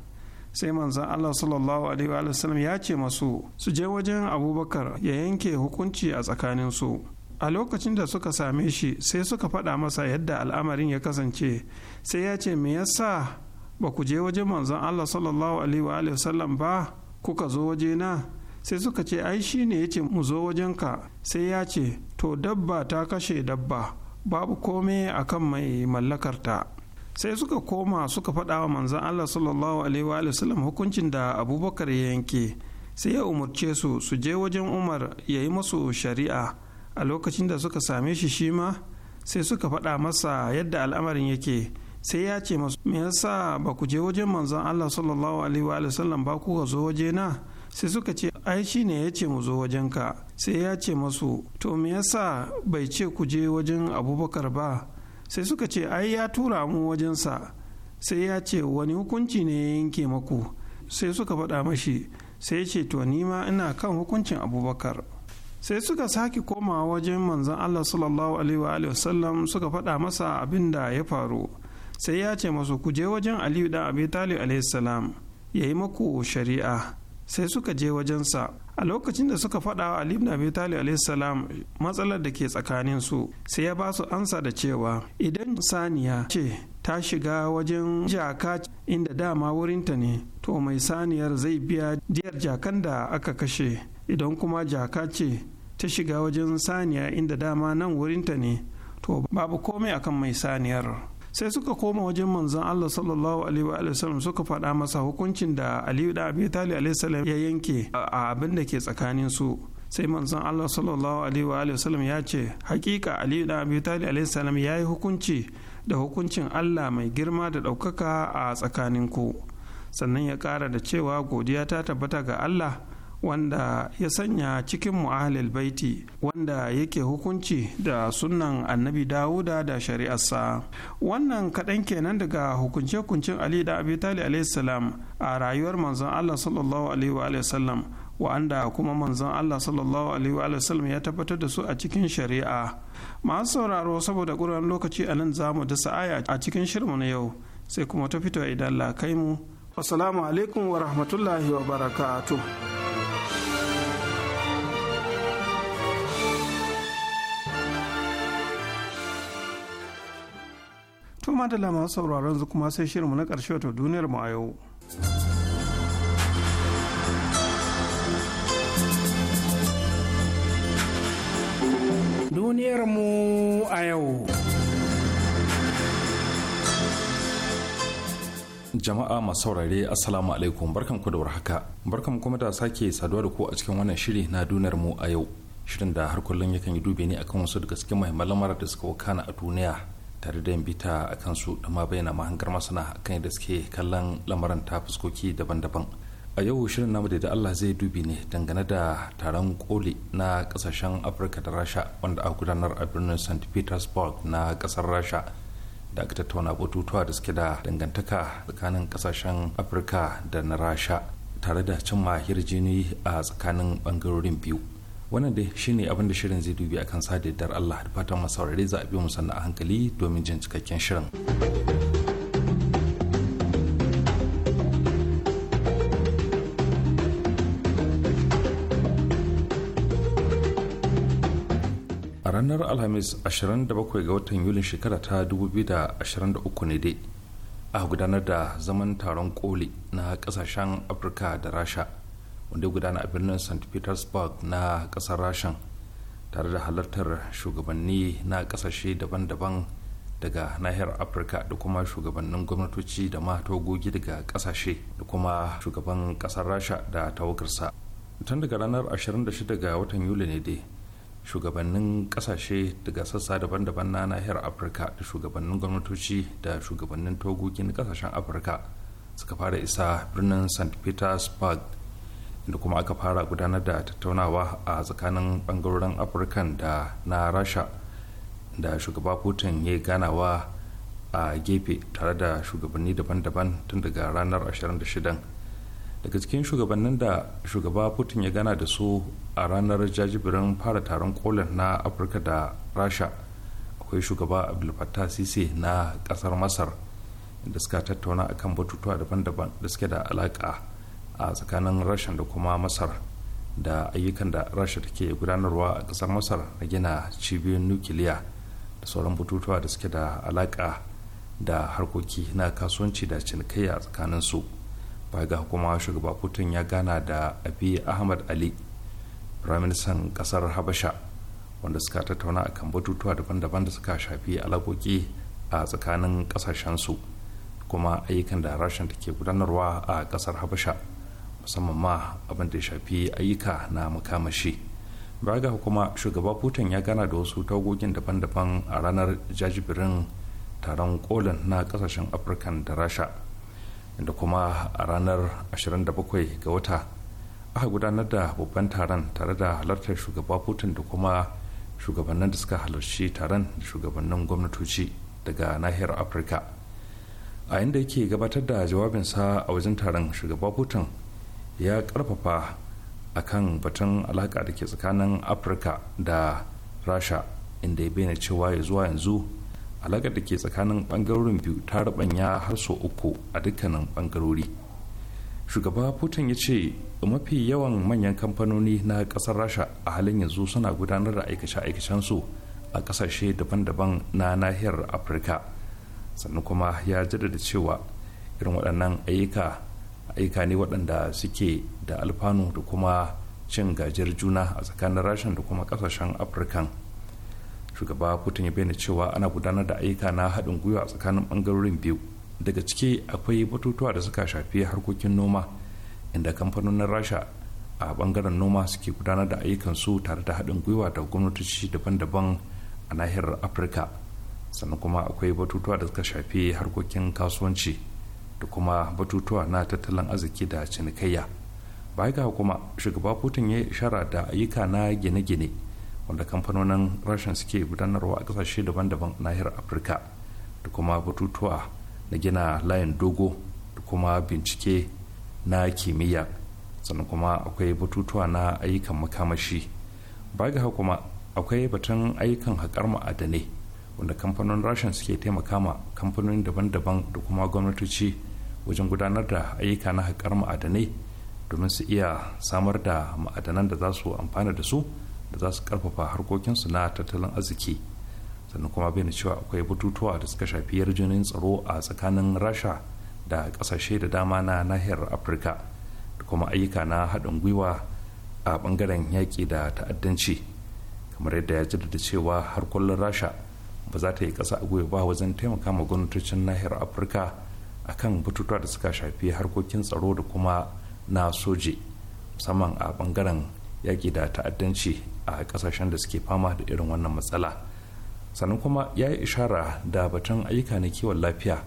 sai manzan Allah sallallahu alaihi wa ya ce masu su je wajen abubakar ya yanke hukunci a tsakanin su a lokacin da suka same shi sai suka faɗa masa yadda al'amarin ya kasance sai ya ce me yasa ba ku je wajen manzan Allah sallallahu alaihi wa ba kuka zo wajena sai suka ce ai shi ne ya ce mu zo wajenka sai ya ce to dabba ta kashe dabba babu kome akan mai mallakarta sai suka koma suka faɗa wa manzan Allah sallallahu alaihi wa sallam hukuncin da abubakar ya yanke sai ya umarce su su je wajen umar ya yi masu shari'a a lokacin da suka same shi shi ma sai suka faɗa masa yadda al'amarin yake sai ya ce masu me yasa ba ku je wajen manzan Allah sallallahu alaihi wa sallam ba ku zo waje na sai suka ce ai shi ne ya ce mu zo wajenka sai ya ce masu to me yasa bai ce ku je wajen abubakar ba sai suka ce ai ya tura mu wajensa sai ya ce wani hukunci ne ya yanke maku sai suka faɗa mashi sai ce to ni ma ina kan hukuncin abubakar sai suka sake koma wajen manzon allah sallallahu alaihi wa sallam suka faɗa masa abin da ya faru sai ya ce masu ku je wajen aliyu dan abi talib alaihi salam ya yi maku shari'a sai suka je wajensa a lokacin da suka faɗa wa Ali ibn Abi Talib matsalar da ke tsakanin su sai ya ba su ansa da cewa idan saniya ce ta shiga wajen jaka inda dama wurinta ne to mai saniyar zai biya diyar jakan da aka kashe idan kuma jaka ce ta shiga wajen saniya inda dama nan wurinta ne to babu komai akan mai saniyar sai suka koma wajen manzon Allah sallallahu alaihi wa sallam suka faɗa masa hukuncin da Aliyu da Abi Talib alaihi salam ya yanke a abin da ke tsakanin su sai manzon Allah sallallahu alaihi wa sallam ya ce hakika Aliyu da Abi Talib alaihi salam ya yi hukunci da hukuncin Allah mai girma da ɗaukaka a tsakanin ku sannan ya ƙara da cewa godiya ta tabbata ga Allah wanda ya sanya cikin mu'ahalil baiti wanda yake hukunci da sunan annabi dawuda da shari'arsa wannan kaɗan kenan daga hukunce-hukuncin ali da abi tali salam a rayuwar manzon allah sallallahu alaihi wa sallam wa'anda kuma manzon allah sallallahu alaihi wa sallam ya tabbatar da su a cikin shari'a masu sauraro saboda ƙuran lokaci a nan zamu mu dasa aya a cikin shirmu na yau sai kuma ta fito idan la kai mu assalamu alaikum wa rahmatullahi wa barakatuh ma da masu sauraron yanzu kuma sai shirinmu na ƙarshe wato duniyar mu a yau. Duniyar mu a yau. Jama'a masu saurare Assalamu alaikum barkanku da warhaka. Barkan kuma da sake saduwa da ku a cikin wannan shiri na duniyar mu a yau. Shirin da har kullum yakan yi dube ne akan wasu daga cikin muhimman lamarar da suka wakana a duniya tare da yin bita a kansu da ma bayyana mahangar masana kan yadda suke kallon lamarin ta fuskoki daban-daban a yau shirin namu da allah zai dubi ne dangane da taron koli na kasashen afirka da rasha wanda a gudanar a birnin st petersburg na kasar rasha da aka tattauna batutuwa da suke da dangantaka tsakanin kasashen afirka da na rasha tare da cimma yarjini a tsakanin bangarorin biyu wannan dai shine abin da shirin zai dubi akan sa da dar Allah da fatan saurare za a biyo mu sannan a hankali domin jin cikakken shirin a ranar alhamis 27 ga watan yulin shekara ta 2023 ne dai a gudanar da zaman taron koli na kasashen afirka da rasha wanda ya gudana a birnin st petersburg na kasar rashin tare da halartar shugabanni na kasashe daban-daban daga nahiyar afirka da kuma shugabannin gwamnatoci da ma togogi daga kasashe da kuma shugaban kasar rasha da tawagarsa tun daga ranar 26 ga watan yuli ne dai shugabannin kasashe daga sassa daban-daban na nahiyar afirka da shugabannin gwamnatoci da shugabannin togogin kasashen afirka suka fara isa birnin st petersburg da kuma aka fara gudanar da tattaunawa a tsakanin bangarorin afirka da na rasha da shugaba putin ya ganawa a gefe tare da shugabanni daban-daban tun daga ranar 26 daga cikin shugabannin da shugaba putin ya gana da su a ranar jajibirin fara taron kolin na afirka da rasha akwai shugaba abdulfatta sise na kasar masar da suka tattauna akan batutuwa daban-daban da suke da alaka a tsakanin rasha da kuma masar da ayyukan da rasha take gudanarwa a ƙasar masar na gina cibiyoyin nukiliya da sauran bututuwa da suke da alaƙa da harkoki na kasuwanci da cinikayya a tsakanin su ba ga kuma shugaba putin ya gana da abi ahmad ali firaministan ƙasar habasha wanda suka tattauna akan batutuwa daban-daban da suka shafi alaƙoƙi a tsakanin ƙasashensu kuma ayyukan da rashin take gudanarwa a ƙasar habasha musamman ma abin da ya shafi ayyuka na makamashi baga kuma shugaba putin ya gana da wasu tagogin daban-daban a ranar jajibirin taron kolin na kasashen afirka da rasha da kuma a ranar 27 ga wata aka gudanar da babban taron tare da halartar shugaba putin da kuma shugabannin da suka halarci taron da shugabannin gwamnatoci daga nahiyar afirka a inda yake gabatar da jawabinsa a wajen taron shugaba putin ya karfafa a kan batun alaƙa da ke tsakanin afirka da rasha inda ya bayyana cewa ya zuwa yanzu alaka da ke tsakanin ɓangarorin biyu ta rabanya har sau uku a dukkanin bangarori shugaba putin ya ce mafi yawan manyan kamfanoni na ƙasar rasha a halin yanzu suna gudanar da aikace-aikacensu a ƙasashe daban-daban na nahiyar afirka sannan kuma ya jaddada cewa irin waɗannan ayyuka aika ne waɗanda suke da alfanu da kuma cin gajiyar juna a tsakanin rashin da kuma ƙasashen afirkan shugaba putin ya bayyana cewa ana gudanar da ayyuka na haɗin gwiwa a tsakanin ɓangarorin biyu daga ciki akwai batutuwa da suka shafi harkokin noma inda kamfanonin rasha a ɓangaren noma suke gudanar da ayyukan su tare da haɗin gwiwa da gwamnatoci daban-daban a nahiyar afirka sannan kuma akwai batutuwa da suka shafi harkokin kasuwanci da kuma batutuwa na tattalin arziki da cinikayya bai ga kuma shugaba putin ya ishara da ayyuka na gine-gine wanda kamfanonin rashin suke gudanarwa a kasashe daban-daban nahiyar afirka da kuma batutuwa na gina layin dogo da kuma bincike na kimiyya sannan kuma akwai batutuwa na ayyukan makamashi bai ga kuma akwai batun ayyukan haƙar ma'adanai wanda kamfanonin rashin suke taimaka ma kamfanonin daban-daban da kuma gwamnatoci wajen gudanar da ayyuka na haƙar ma'adanai domin su iya samar da ma'adanan da za su amfana da su da za su ƙarfafa harkokinsu na tattalin arziki sannan kuma bai cewa akwai bututuwa da suka shafi yarjejeniyar tsaro a tsakanin rasha da ƙasashe da dama na nahiyar afirka da kuma ayyuka na haɗin gwiwa a ɓangaren yaƙi da ta'addanci kamar yadda ya jaddada cewa har kullum rasha ba za ta yi ƙasa a gwiwa ba wajen taimaka ma gwamnatocin nahiyar afirka akan batutuwa da suka shafi harkokin tsaro da kuma na soje musamman a bangaren yaƙi da ta'addanci a ƙasashen da suke fama da irin wannan matsala sannan kuma ya yi ishara da batun ayyuka na kiwon lafiya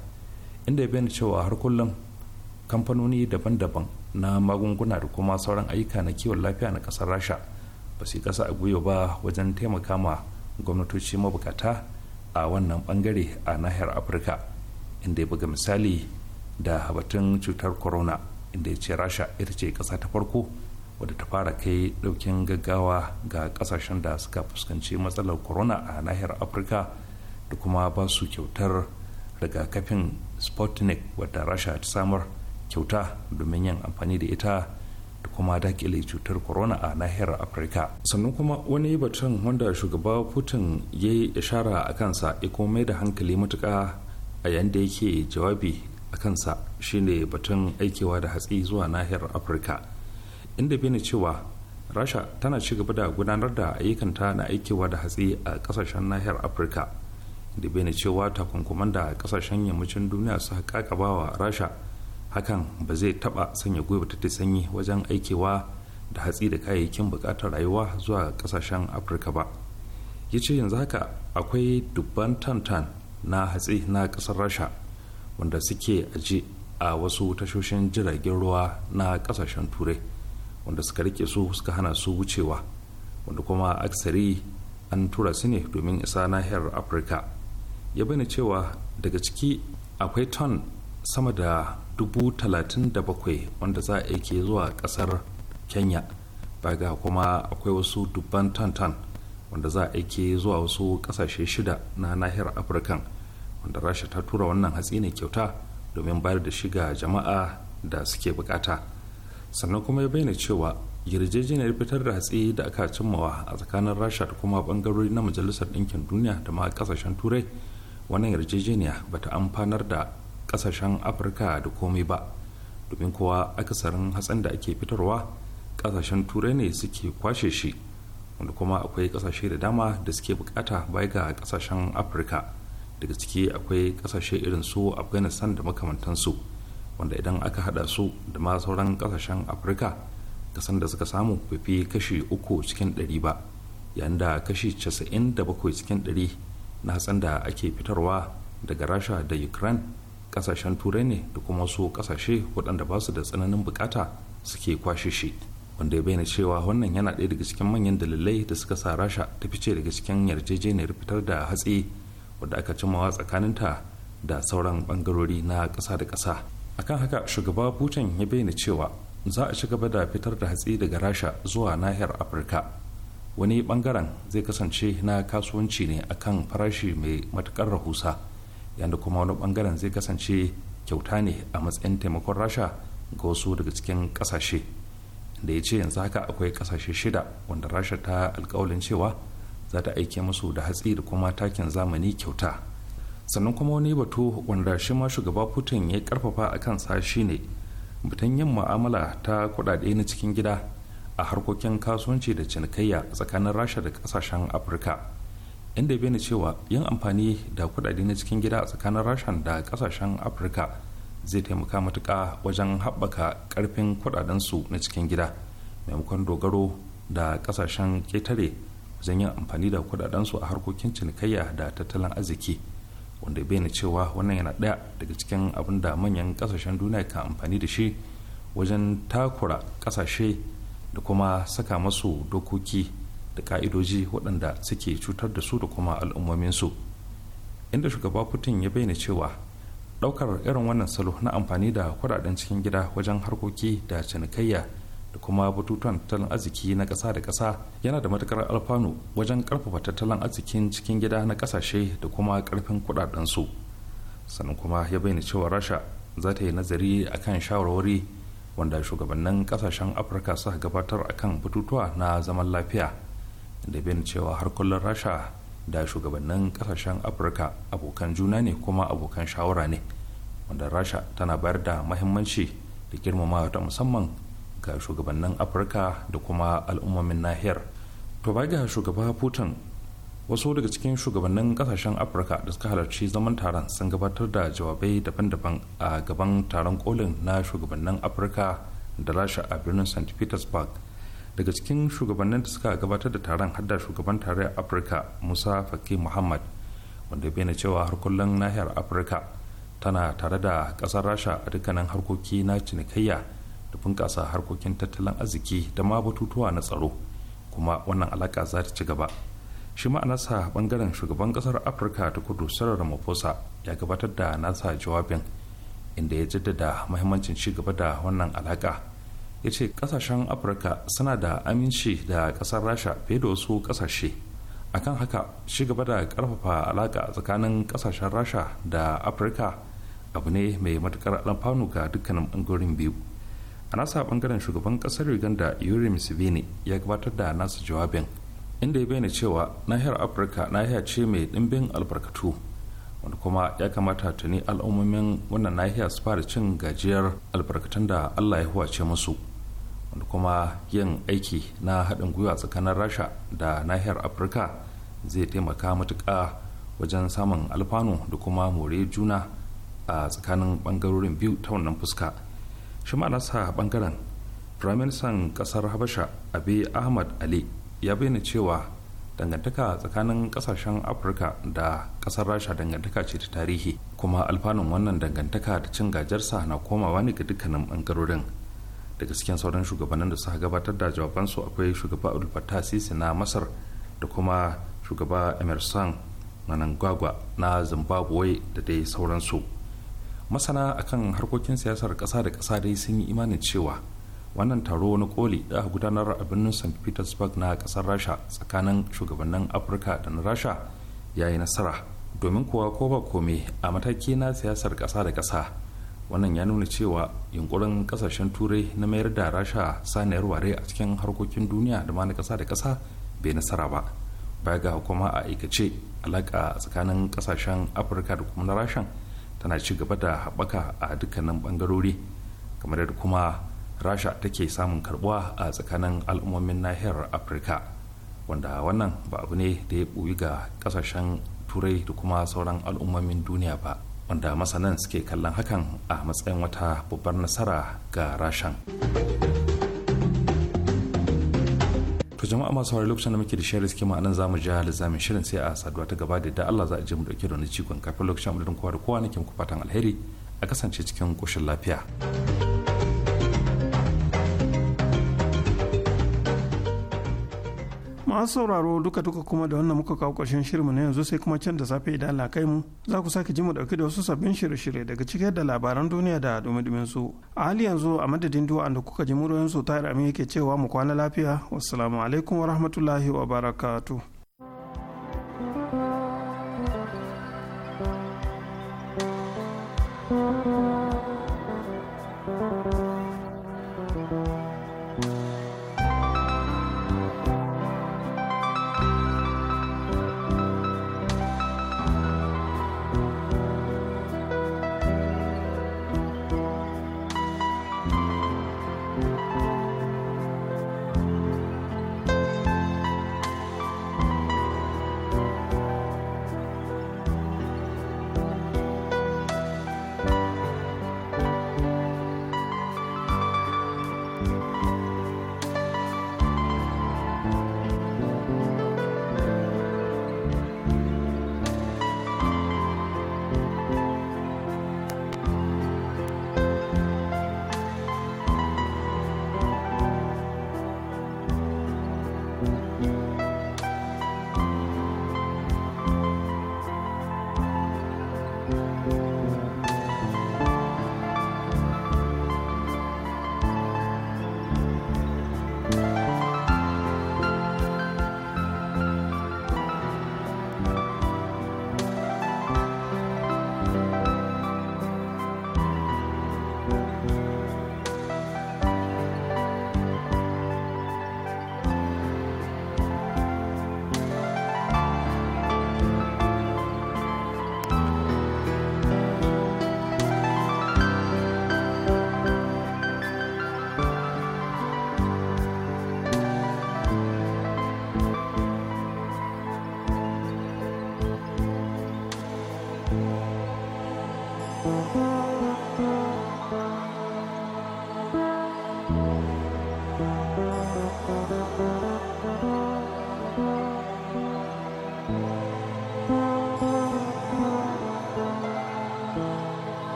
inda ya bayyana cewa har kullum kamfanoni daban-daban na magunguna da kuma sauran ayyuka na kiwon lafiya na ƙasar rasha ba su yi ƙasa a gwiwa ba wajen taimaka ma gwamnatoci mabukata a wannan bangare a nahiyar afirka inda ya buga misali da batun cutar corona inda ya ce rasha ita ce ƙasa ta farko wadda ta fara kai ɗaukin gaggawa ga ƙasashen da suka fuskanci matsalar corona a nahiyar afirka da kuma ba su kyautar rigakafin sputnik wadda rasha ta samar kyauta domin yin amfani da ita da kuma dakile cutar corona a nahiyar afirka sannan kuma wani batun wanda shugaba putin ya yi ishara a kansa ya komai da hankali matuka a yadda da yake jawabi a kansa shine batun aikewa da hatsi zuwa nahiyar afirka inda bene cewa rasha tana ci gaba da gudanar da ayyukanta na aikewa da hatsi a kasashen nahiyar afirka da bene cewa takunkuman da kasashen yammacin duniya su wa rasha hakan ba zai taɓa sanya gwiwa ta sanyi wajen aikewa da hatsi da kayayyakin bukatar rayuwa zuwa kasashen afirka ba ya ce yanzu haka akwai dubban tantan na hatsi na kasar rasha wanda suke aje a wasu tashoshin jiragen ruwa na kasashen turai wanda suka rike su suka hana su wucewa wanda kuma aksari an tura su ne domin isa nahiyar afirka ya bayyana cewa daga ciki akwai ton sama da dubu talatin da bakwai wanda za a ke zuwa kasar kenya baga kuma akwai wasu dubban ton ton wanda za a aike zuwa wasu kasashe shida na nahiyar afirka wanda rasha ta tura wannan hatsi ne kyauta domin bayar da shiga jama'a da suke bukata sannan kuma ya bayyana cewa yarjejeniyar fitar da hatsi da aka cimmawa a tsakanin rasha da kuma bangarori na majalisar ɗinkin duniya da ma kasashen turai wannan yarjejeniya bata amfanar da kasashen afirka da komai ba domin kowa akasarin hatsin da ake fitarwa kasashen turai ne suke kwashe shi wanda kuma akwai kasashe da dama da suke bukata bai ga kasashen afirka daga ciki akwai kasashe irin su afghanistan da makamantansu wanda idan aka hada su da ma sauran kasashen afirka kasan da suka samu fafi kashi uku cikin ɗari ba yayin da kashi casa'in da bakwai cikin ɗari na hatsan da ake fitarwa daga rasha da ukraine kasashen turai ne da kuma wasu kasashe waɗanda ba su da tsananin bukata suke kwashe shi wanda ya bayyana cewa wannan yana ɗaya daga cikin manyan dalilai da suka sa rasha ta fice daga cikin yarjejeniyar fitar da hatsi wadda aka cimawa tsakaninta da sauran bangarori na ƙasa da ƙasa akan haka shugaba putin ya bayyana cewa za a ci gaba da fitar da hatsi daga rasha zuwa nahiyar afirka wani bangaren zai kasance na kasuwanci ne akan farashi mai matukar rahusa yadda kuma wani bangaren zai kasance kyauta ne a matsayin taimakon rasha ga wasu daga cikin ƙasashe. da ya ce yanzu haka akwai kasashe shida wanda rasha ta alkawalin cewa za ta aike musu da hatsi da kuma takin zamani kyauta sannan kuma wani batu wanda shi ma shugaba putin ya karfafa a kan kansa shine batun yin ma'amala ta kudade na cikin gida a harkokin kasuwanci da cinikayya tsakanin rasha da kasashen afirka inda bene cewa yin amfani da kudade na cikin gida tsakanin rasha da kasashen afirka zai taimaka matuka wajen haɓaka ƙarfin kuɗaɗensu na cikin gida maimakon dogaro da ƙasashen ƙetare wajen yin amfani da kuɗaɗensu a harkokin cinikayya da tattalin arziki wanda ya cewa wannan yana ɗaya daga cikin abin da manyan ƙasashen duniya kan amfani da shi wajen takura ƙasashe da kuma saka masu dokoki da ƙa'idoji waɗanda suke cutar da su da kuma al'ummominsu inda shugaba putin ya bayyana cewa daukar irin wannan salo na amfani da kudaden cikin gida wajen harkoki da cinikayya da kuma batutuwan tattalin arziki na ƙasa da ƙasa yana da matukar alfanu wajen karfafa tattalin arzikin cikin gida na ƙasashe da kuma ƙarfin kudadensu sannan kuma ya bayyana cewa rasha za ta yi nazari akan shawarwari wanda shugabannin ƙasashen afirka suka gabatar akan batutuwa na zaman lafiya da bayyana cewa har kullum rasha da shugabannin kasashen afirka abokan juna ne kuma abokan shawara ne wanda rasha tana bayar da mahimmanci da girmamawa ta musamman ga shugabannin afirka da kuma al'ummomin nahiyar to ba ga shugaba putin wasu daga cikin shugabannin kasashen afirka da suka halarci zaman taron sun gabatar da jawabai daban-daban a gaban taron kolin na shugabannin afirka da rasha a birnin st petersburg daga cikin shugabannin da suka gabatar da taron hadda shugaban tarayyar afirka musa fakki muhammad wanda ya bayyana cewa har kullum nahiyar afirka tana tare da kasar rasha a dukkanin harkoki na cinikayya da bunƙasa harkokin tattalin arziki da ma batutuwa na tsaro kuma wannan alaƙa za ta ci gaba shi nasa bangaren shugaban kasar afirka ta kudu sarar mafosa ya gabatar da nasa jawabin inda ya jaddada mahimmancin ci gaba da wannan alaƙa ya ce kasashen afirka suna da aminci da kasar rasha fiye da wasu kasashe akan haka shi gaba da karfafa alaka tsakanin kasashen rasha da afirka abu ne mai matukar alamfanu ga dukkanin bangaren biyu a nasa bangaren shugaban kasar uganda yuri museveni ya gabatar da nasa jawabin inda ya bayyana cewa nahiyar afirka nahiya ce mai dimbin albarkatu wanda kuma ya kamata tuni al'ummomin wannan nahiya su fara cin gajiyar albarkatun da allah ya huwace musu wanda kuma yin aiki na haɗin gwiwa tsakanin rasha da nahiyar afirka zai taimaka matuƙa wajen samun alfanu da kuma more juna a tsakanin ɓangarorin biyu ta wannan fuska shi ma nasa ɓangaren firaministan ƙasar habasha abi ahmad ali ya bayyana cewa dangantaka tsakanin ƙasashen afirka da ƙasar rasha dangantaka ce ta tarihi kuma alfanun wannan dangantaka da cin gajarsa na komawa ne ga dukkanin ɓangarorin. da cikin sauran shugabannin da suka gabatar da jawabansu akwai shugaba abdul na masar da kuma shugaba emerson manangagwa na zimbabwe da dai sauransu masana akan harkokin siyasar kasa da kasa dai sun yi imanin cewa wannan taro na koli da aka gudanar a birnin st petersburg na kasar rasha tsakanin shugabannin afirka da na rasha ya yi nasara domin kuwa ko ba kome a mataki na siyasar kasa da kasa. wannan ya nuna cewa yunkurin kasashen turai na mayar da rasha saniyar ware a cikin harkokin duniya da ma na kasa da kasa bai nasara ba baya ga kuma a aikace alaka tsakanin kasashen afirka da kuma na rashan tana ci gaba da haɓaka a dukkanin bangarori kamar yadda kuma rasha take samun karbuwa a tsakanin al'ummomin nahiyar afirka wanda wannan ba abu ne da ya ɓoyi ga kasashen turai da kuma sauran al'ummomin duniya ba wanda masanan suke kallon hakan a matsayin wata babbar nasara ga rashan to jama'a masu wari lokacin da muke da shirin suke ma'anan zamu ja lizamin shirin sai a saduwa ta gaba da da Allah za a je mu dauke da wani cikon kafin lokacin amurin kowa da kowa nake muku fatan alheri a kasance cikin koshin lafiya. masu sauraro duka duka kuma da wannan muka kawo ƙarshen shirinmu na yanzu sai kuma can da safe idan Allah kai mu za ku sake ji mu ɗauki da wasu sabbin shirye-shirye daga cike da labaran duniya da dumi-dumin su a hali yanzu a madadin duwa da kuka ji muryoyin su tayar amin yake cewa mu kwana lafiya wassalamu alaikum wa rahmatullahi wa barakatuh